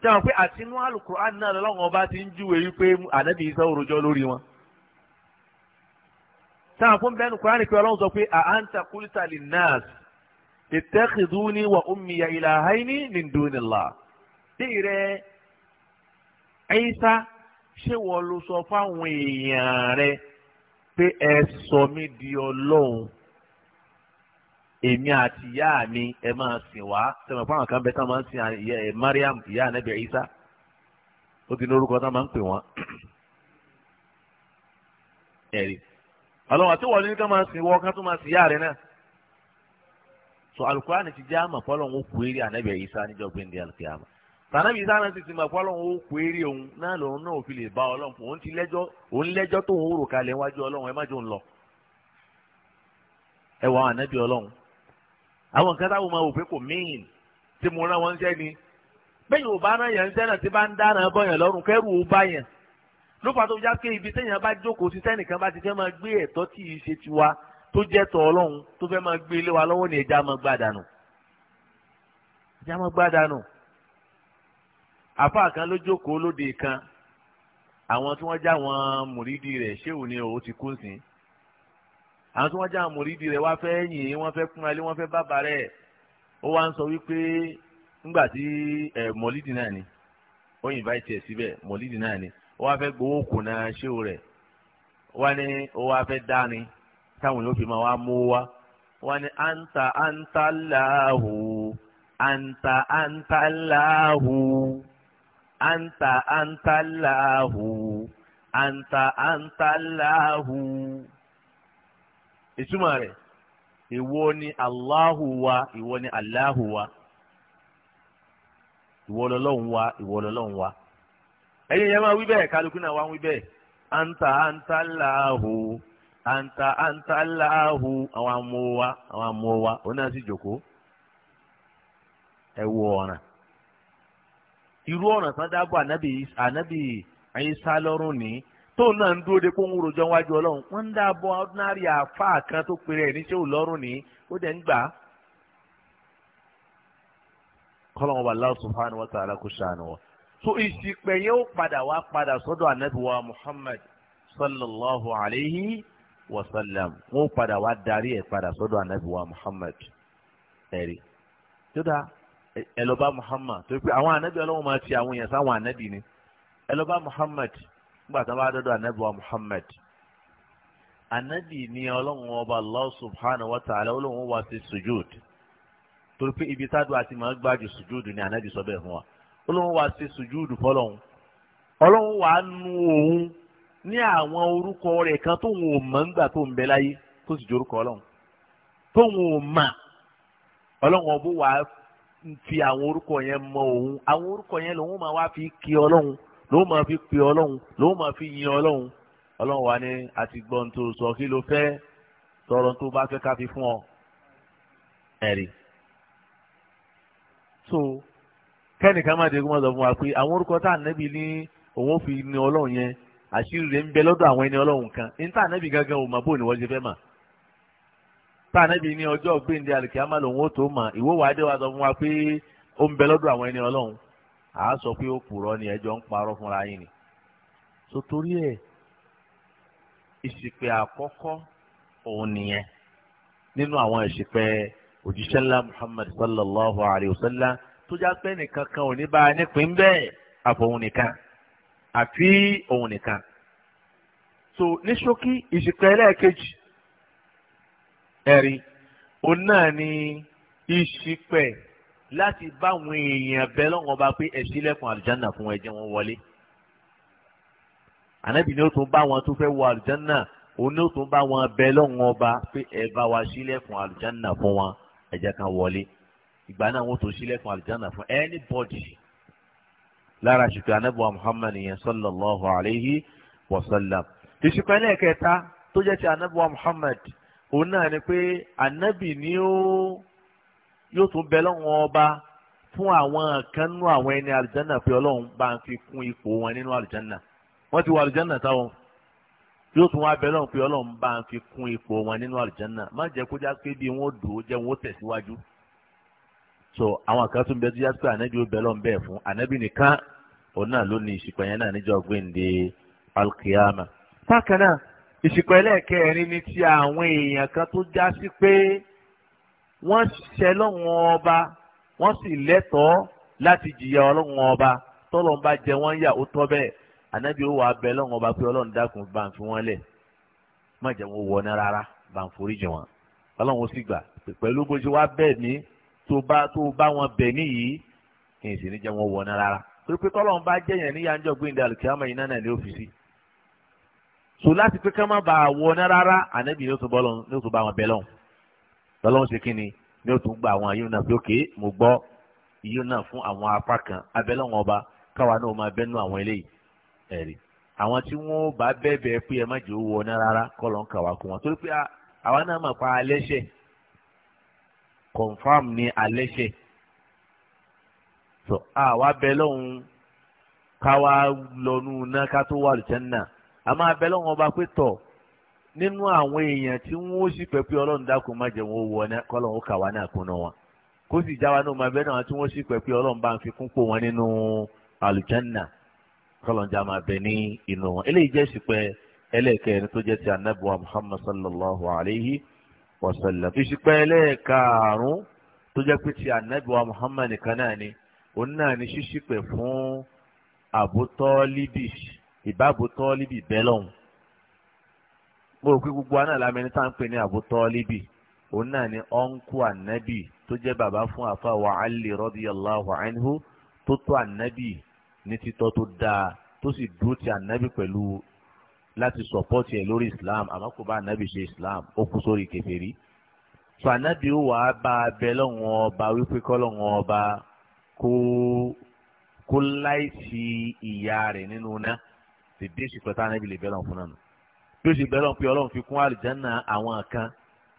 sẹ́wọ̀n pé àtinú alukur'an náà lọ́lọ́run ọba ti ń júwe wípé ànábì Ìsá òròjọ́ lórí wọn. sẹ́wọ̀n fún bẹ́ẹ̀ nìkan rìn ọlọ́run sọ pé àhántà kúlítà lè nọ́ọ̀sì ìtẹ́kìdúní wà ummiya ìlàhàíní min dunillah ṣé wọ́n ló sọ fáwọn èèyàn rẹ pé ẹ sọ mí di ọlọ́run èmi àti ìyá mi ẹ máa sìn wá sẹ́mi fáwọn kan bẹ́ẹ̀ tá máa ń sin ẹ Mariam ìyá ànábì Isa ó ti ní orúkọ tá máa ń pè wọ́n. ẹ̀rí ọlọ́run àti wọ́n ní ká máa sìn wọ́n ká tó máa sìn ìyá rẹ náà. sọ Al-Qur'an ti jẹ́ àmọ̀ fọlọ́run kú eré ànábì Isa níjọ́ gbẹ̀ndé al tànàbí sáà ti ti mọ̀ fọlọ́n ó kó eré òun náà lòun náà ò fi lè bá ọlọ́run fún òun ti lẹ́jọ́ òun lẹ́jọ́ tó ń rò kalẹ̀ wájú ọlọ́run ẹ má jò ń lọ. ẹ wà ànábì ọlọ́run àwọn nǹkan táwọn máa wò pé kò míìn tí mo rán wọn ṣẹ́ ni bẹ́ẹ̀ yóò bá rán yẹn ń sẹ́nà tí bá ń dáná bọ̀yàn lọ́rùn kẹ́rù ó bá yẹn ló fà tó já pé ibi téèyàn bá jókòó sí sẹ́nìkan bá ti fẹ́ máa gbé ẹ̀tọ́ tí ì ṣe tiwa tó jẹ́ tọ̀ ọlọ́run tó fẹ́ máa gbé ilé wa lọ́wọ́ ni ẹja máa gbádànù ẹja máa gbádànù àfa kan ló lóde kan àwọn tí wọ́n já wọn mùrídìí rẹ̀ ṣéwù ni òun ti kú sí àwọn tí wọ́n já wọn mùrídìí rẹ̀ wá fẹ́ yìn wọ́n fẹ́ kúnra lé wọ́n fẹ́ bàbà rẹ̀ ó wá ń sọ wípé ńgbà tí ẹ náà ni ó náà ni ó wá gbowó náà ṣéwù wá anta anta anta anta anta anta láàhù anta anta láàhù ìtumọ̀ rẹ̀ ìwọ ni Allahu wa ìwọ ni Allahu wa ìwọ lọ́lọ́run wa ìwọ lọ́lọ́run wa ẹ̀yin yẹn máa wí bẹ́ẹ̀ kálukú náà wá wí bẹ́ẹ̀ anta anta láàhù anta anta láàhù àwọn amó wa àwọn amó wa òun náà sì jòkó ẹ wọ ọ̀ràn. irú ọ̀ràn tán dábọ̀ ànábì Ìsá lọ́rùn ní tóun náà ń dúró de kó ń rojọ́ wájú ọlọ́run wọ́n ń dábọ̀ ordinary àfa kan tó pèrè ẹ̀ níṣẹ́ òlọ́rùn ní ó dẹ̀ ń gbà á. wa Allah subhanahu wa ta'ala kò ṣàánú wa. so ìsìpẹ̀ yẹn ó padà wá padà sọ́dọ̀ ànábì wa Muhammad sallallahu alayhi wa sallam wọ́n ó padà wá darí ẹ̀ padà sọ́dọ̀ ànábì wa Muhammad ẹ̀rí ẹ lọ bá Muhammad torí pé àwọn anabi ọlọ́wọ́ máa ti àwọn yẹn sáwọn anabi ni ẹ lọ bá Muhammad nígbà tí wọ́n bá dọ́dọ̀ anabi wa Muhammad anabi ni ọlọ́wọ́n ọba Allah subhanahu wa ta'ala ọlọ́wọ́n wa ti sujud torí pé ibi tá a dùn àti máa gbájú sujud ni anabi sọ bẹ́ẹ̀ fún wa ọlọ́wọ́n wa ti sujud fọlọ́hún ọlọ́wọ́n wa nu òun ní àwọn orúkọ rẹ̀ kan tó ń wò mọ́ ńgbà tó ń bẹ láyé tó sì jorúkọ ọlọ́run tó ń wò mà ọlọ́run wàá ń fi àwọn orúkọ yẹn mọ òun àwọn orúkọ yẹn lòun máa wá fi kí ọlọ́run lòun máa fi pè ọlọ́run lòun máa fi yin ọlọ́run ọlọ́run wa ni àti gbọ́n tó sọ kí ló fẹ́ tọrọ tó bá fẹ́ ká fi fún ọ ẹ̀rí. so kẹ́nìkan má dé kó má sọ fún wa pé àwọn orúkọ tá à nẹ́bi ní òun ó fi ni ọlọ́run yẹn àṣírí rẹ̀ ń bẹ lọ́dọ̀ àwọn ẹni ọlọ́run kan ní tá à nẹ́bi gángan ò mà bò ní wọ́n ṣe fẹ́ mà tá ànábì ní ọjọ́ gbẹ̀ǹde àlìkíyàmá lòun ó tó mà ìwọ wàá dé wa sọ fún wa pé ó ń bẹ lọ́dọ̀ àwọn ẹni ọlọ́run à á sọ pé ó purọ́ ni ẹjọ́ ń parọ́ fúnra yín ni. so torí ẹ̀ ìṣìpẹ̀ àkọ́kọ́ òun nìyẹn nínú àwọn ìṣìpẹ̀ òjíṣẹ́ ńlá Muhammad sallallahu alayhi wa sallam tó já pé nìkan kan ò ní bá a nípìn bẹ́ẹ̀ àfọ̀hún nìkan àfi òun nìkan. so ní ṣókí ìṣìpẹ̀ ẹlẹ́ẹ̀kejì ẹ̀rí o náà ni ìṣìpẹ̀ láti bá àwọn èèyàn bẹ lọ́wọ́ bá pé ẹ ṣílẹ̀kùn àlùjánnà fún ẹjẹ́ wọn wọlé ànábì ni ó tún bá wọn tó fẹ́ wọ àlùjánnà òun ni ó tún bá wọn bẹ lọ́wọ́ bá pé ẹ bá wa ṣílẹ̀kùn àlùjánnà fún wọn ẹjẹ́ kan wọlé ìgbà náà wọn tó ṣílẹ̀kùn àlùjánnà fún anybody lára ṣùkú anábọ̀ muhammad yẹn sallallahu alayhi wa sallam ìṣùpẹ̀ muhammad òun náà ni pé ànábì ni ó yóò tún bẹ lọ́wọ́n ọba fún àwọn kan nú àwọn ẹni àlùjánnà pé ọlọ́run bá ń fi kún ipò wọn nínú àlùjánnà wọ́n ti wọ àlùjánnà táwọn yóò tún wá bẹ lọ́wọ́n pé ọlọ́run bá ń fi kún ipò wọn nínú àlùjánnà má jẹ́ kó já pé bí wọ́n dùn ó jẹ́ wọ́n tẹ̀síwájú. so àwọn kan tún bẹ tó já pé ànábì ó bẹ lọ́wọ́n bẹ́ẹ̀ fún ànábì nìkan òun náà ló ní ìṣìpẹ̀yẹ náà níjọ́ gbẹ̀ǹde alkiyama. bákan náà ìsìnkú ẹlẹ́ẹ̀kẹrin ni ti àwọn èèyàn kan tó já sí pé wọ́n ṣẹ̀ lọ́wọ́n ọba wọ́n sì lẹ́tọ̀ọ́ láti jìyà ọlọ́wọ́n ọba tọ́lọ́n bá jẹ wọ́n yà ó tọ́ bẹ́ẹ̀ ànábì ó wà á bẹ lọ́wọ́n ọba pé ọlọ́run dákun bá ń fi wọ́n lẹ̀ má jẹ́ wọn wọná rárá bá ń forí jìn wọn ọlọ́run ó sì gbà pẹ̀lú bó ṣe wá bẹ́ẹ̀ ní tó bá tó bá wọn bẹ̀ níyìí kì so láti pé ká má bàa wọ ná rárá ànábì ní o tún bọ́ lọ́n ní o tún bá wọn bẹ́ lọ́n lọ́lọ́n ṣe kí ni ní o tún gba àwọn ayé náà lókè mo gbọ́ iye náà fún àwọn apá kan abẹ́lọ́wọ̀n ọba káwa náà máa bẹ́nu àwọn eléyìí ẹ̀rí àwọn tí wọ́n bá bẹ́ẹ̀bẹ́ pé ẹ má jẹ́ owó ọ̀nà rárá kọ́ lọ́n kà wá kó wọn torí pé àwa náà máa pa alẹ́ṣẹ̀ confam ní alẹ́ṣẹ̀ so àwa bẹ́ẹ̀ lọ́hùn káwa lọ́nu náà ká tó wà lùtẹ́ náà a máa bẹ lọ́wọ́n ọba pé tọ̀ nínú àwọn èèyàn tí wọ́n sì pẹ́ pé ọlọ́run dákun má jẹ́ wọn wọ náà ó kà wá náà kún wọn kó sì já wa náà máa bẹ náà tí wọ́n sì pẹ́ pé ọlọ́run bá ń fi kún pò wọn nínú àlùjánnà kọ́lọ́run já máa bẹ ní inú wọn eléyìí jẹ́ ìṣìpẹ̀ ẹlẹ́ẹ̀kẹrin tó jẹ́ ti anábùwà Muhammad sallallahu alayhi wa sallam ìṣìpẹ̀ ẹlẹ́ẹ̀karùn-ún tó jẹ́ pé ti anábìwá muhammad kan náà ni òun náà ni ṣíṣípẹ̀ fún abutọ́líbì ìbáàbò tọ́ọ́líbì bẹ́ẹ̀ lọ́hùn mo rò pé gbogbo aná lámẹni tá à ń pè ní àbò òun náà ni ọ̀nkú ànábì tó jẹ́ bàbá fún àfa wa Ali radiyallahu anhu tó tó ànábì ní títọ́ tó dáa tó sì dúró ti ànábì pẹ̀lú láti sọ̀pọ́tì ẹ̀ lórí Islam àmọ́ kò bá ànábì ṣe Islam ó kú sórí kèfèrí so ànábì ó wàá bá a bẹ lọ́wọ́n ọba wípé kọ́ lọ́wọ́n ọba kó kó láìsí ìyá rẹ̀ nínú náà dèdè ṣùpẹ́ tá anábì lè bẹ́ lọ́n fún náà nù bí ó ṣe bẹ́ lọ́n pé ọlọ́run fi kún àlùjánnà àwọn kan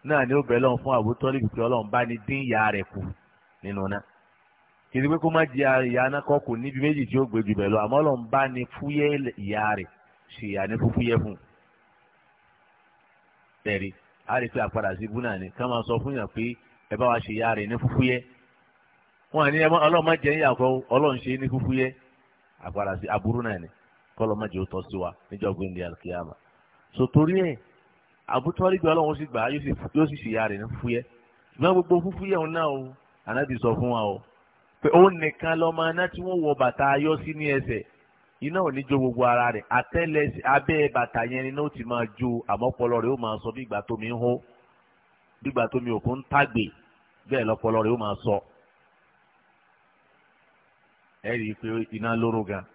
náà ni ó bẹ́ lọ́n fún Abu Talib pé ọlọ́run bá ní dín ìyá rẹ̀ kù nínú náà kì í ṣe pé kó má jẹ ìyá náà kọ́ kù níbi méjì tí ó gbé jù bẹ́ẹ̀ lọ àmọ́ ọlọ́run bá ní fúyẹ́ ìyá rẹ̀ ṣe ìyá ní fúfúyẹ́ fún un. bẹ́ẹ̀ a rí pé àpadà ni ká máa sọ fún ni kọlọmọdé ó tọ́ sí wa níjọba ìdí àkíyàmà so torí ẹ̀ àbútọ́rí gbé ọlọ́run sì gbà yóò sì ṣìyà rẹ̀ ní fúyẹ́ ṣùgbọ́n gbogbo fúfúyẹ́ òun náà o ànábì sọ fún wa o pé òun nìkan lọ́mọ aná tí wọ́n wọ bàtà ayọ́ sí ní ẹsẹ̀ iná ò ní jó gbogbo ara rẹ̀ àtẹ́lẹsẹ̀ abẹ́ bàtà yẹn ni ó ti máa jó àmọ́pọlọ rẹ̀ ó máa sọ bí ìgbà tómi ń hó bí ìgbà tómi òkun ń tàgbè bẹ́ẹ̀ lọ́pọlọ rẹ̀ ó máa sọ. ẹ rí i pé iná lóró gan-an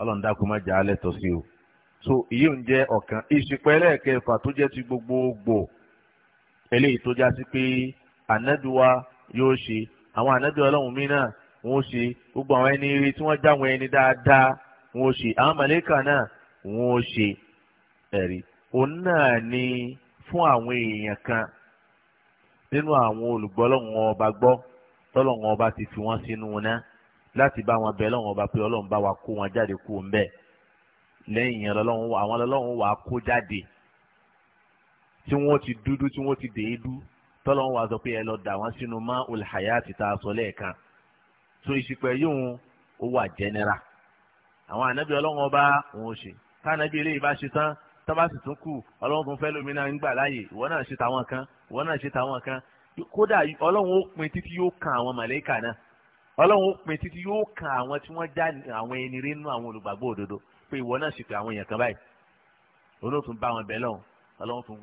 ọlọ́run dákun má jà á lẹ́tọ̀ sí o so èyí ń jẹ́ ọ̀kan ìṣìpẹ́lẹ̀ kẹfà tó jẹ́ ti gbogbogbò eléyìí tó já sí pé ànádùwà yóò ṣe àwọn ànádùwà ọlọ́run mi náà wọ́n ṣe gbogbo àwọn ẹni rí tí wọ́n jáwọn ẹni dáadáa wọ́n ṣe àwọn màlẹ́kà náà wọ́n ṣe ẹ̀rí òun náà ni fún àwọn èèyàn kan nínú àwọn olùgbọ́ ọlọ́run ọba gbọ́ tọ́lọ́run ọba ti fi wọ́n sínú náà láti bá wọn bẹ lọ́wọ́n ọba pé ọlọ́run bá wa kó wọn jáde kú ń bẹ̀ lẹ́yìn yẹn lọ́lọ́run àwọn lọ́lọ́run wà á kó jáde tí wọ́n ti dúdú tí wọ́n ti dèédú tọ́lọ́run wà sọ pé ẹ lọ dà wọ́n sínú mọ́ olùhàyàtì tá a sọ lẹ́ẹ̀kan tó ìṣìpẹ̀ yóò ó wà jẹ́nẹ́ra àwọn ànábì ọlọ́run ọba wọn ò ṣe tánábì eré ìbá ṣe tán tọ́ba sì tún kù ọlọ́run tún fẹ́ lómìnira ń gbà láàyè ìwọ náà ṣe tàwọn kan ìwọ náà ṣe tàwọn kan kódà ọlọ́run ó pin títí yóò kan àwọn màlẹ́kà náà ọlọ́run ó pin títí yóò kan àwọn tí wọ́n já àwọn ẹni rí nínú àwọn olùgbàgbọ́ òdodo pé ìwọ náà sì pé àwọn èèyàn kan báyìí olóòtún bá wọn bẹ̀ lọ́hùn ọlọ́run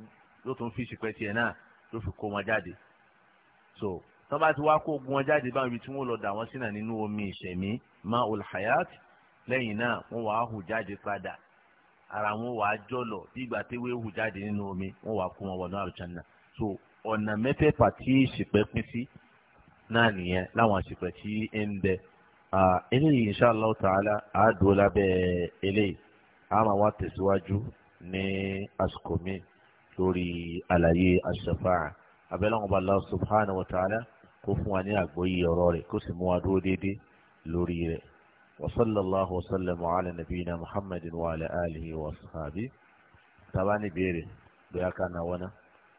ló tún fi ṣìpẹ́ tiẹ̀ náà ló fi kó wọn jáde so tọ́ bá ti wá kó ogun wọn jáde báwọn ibi tí wọ́n lọ dà wọ́n sínà nínú omi ìṣẹ̀mí ma'ul hayat lẹ́yìn náà wọ́n wàá hù jáde padà ara wọn wàá jọ̀lọ̀ bí ìgbà tẹ́wé hù jáde nínú omi wọ́n wàá kó wọn wọnú àlùjánnà so ọ̀nà mẹ́fẹ̀ẹ̀fà tí ìṣìpẹ́ pín sí náà nìyẹn láwọn àṣìpẹ̀ tí ń bẹ eléyìí inṣàlá ta'ala àádó lábẹ́ eléyìí a máa wá tẹ̀síwájú ní àsìkò mi lórí àlàyé àṣàfáà abẹ́lẹ́wọ̀n bá Allah subhanahu wa ta'ala kó fún wa ní àgbọ́yé ọ̀rọ̀ rẹ̀ kó sì mú wa dúró déédéé lórí rẹ̀ wa sallallahu wa sallam ala nabiyina muhammadin wa ala alihi wa sahabi tabani béèrè bóyá ká náà wọ́n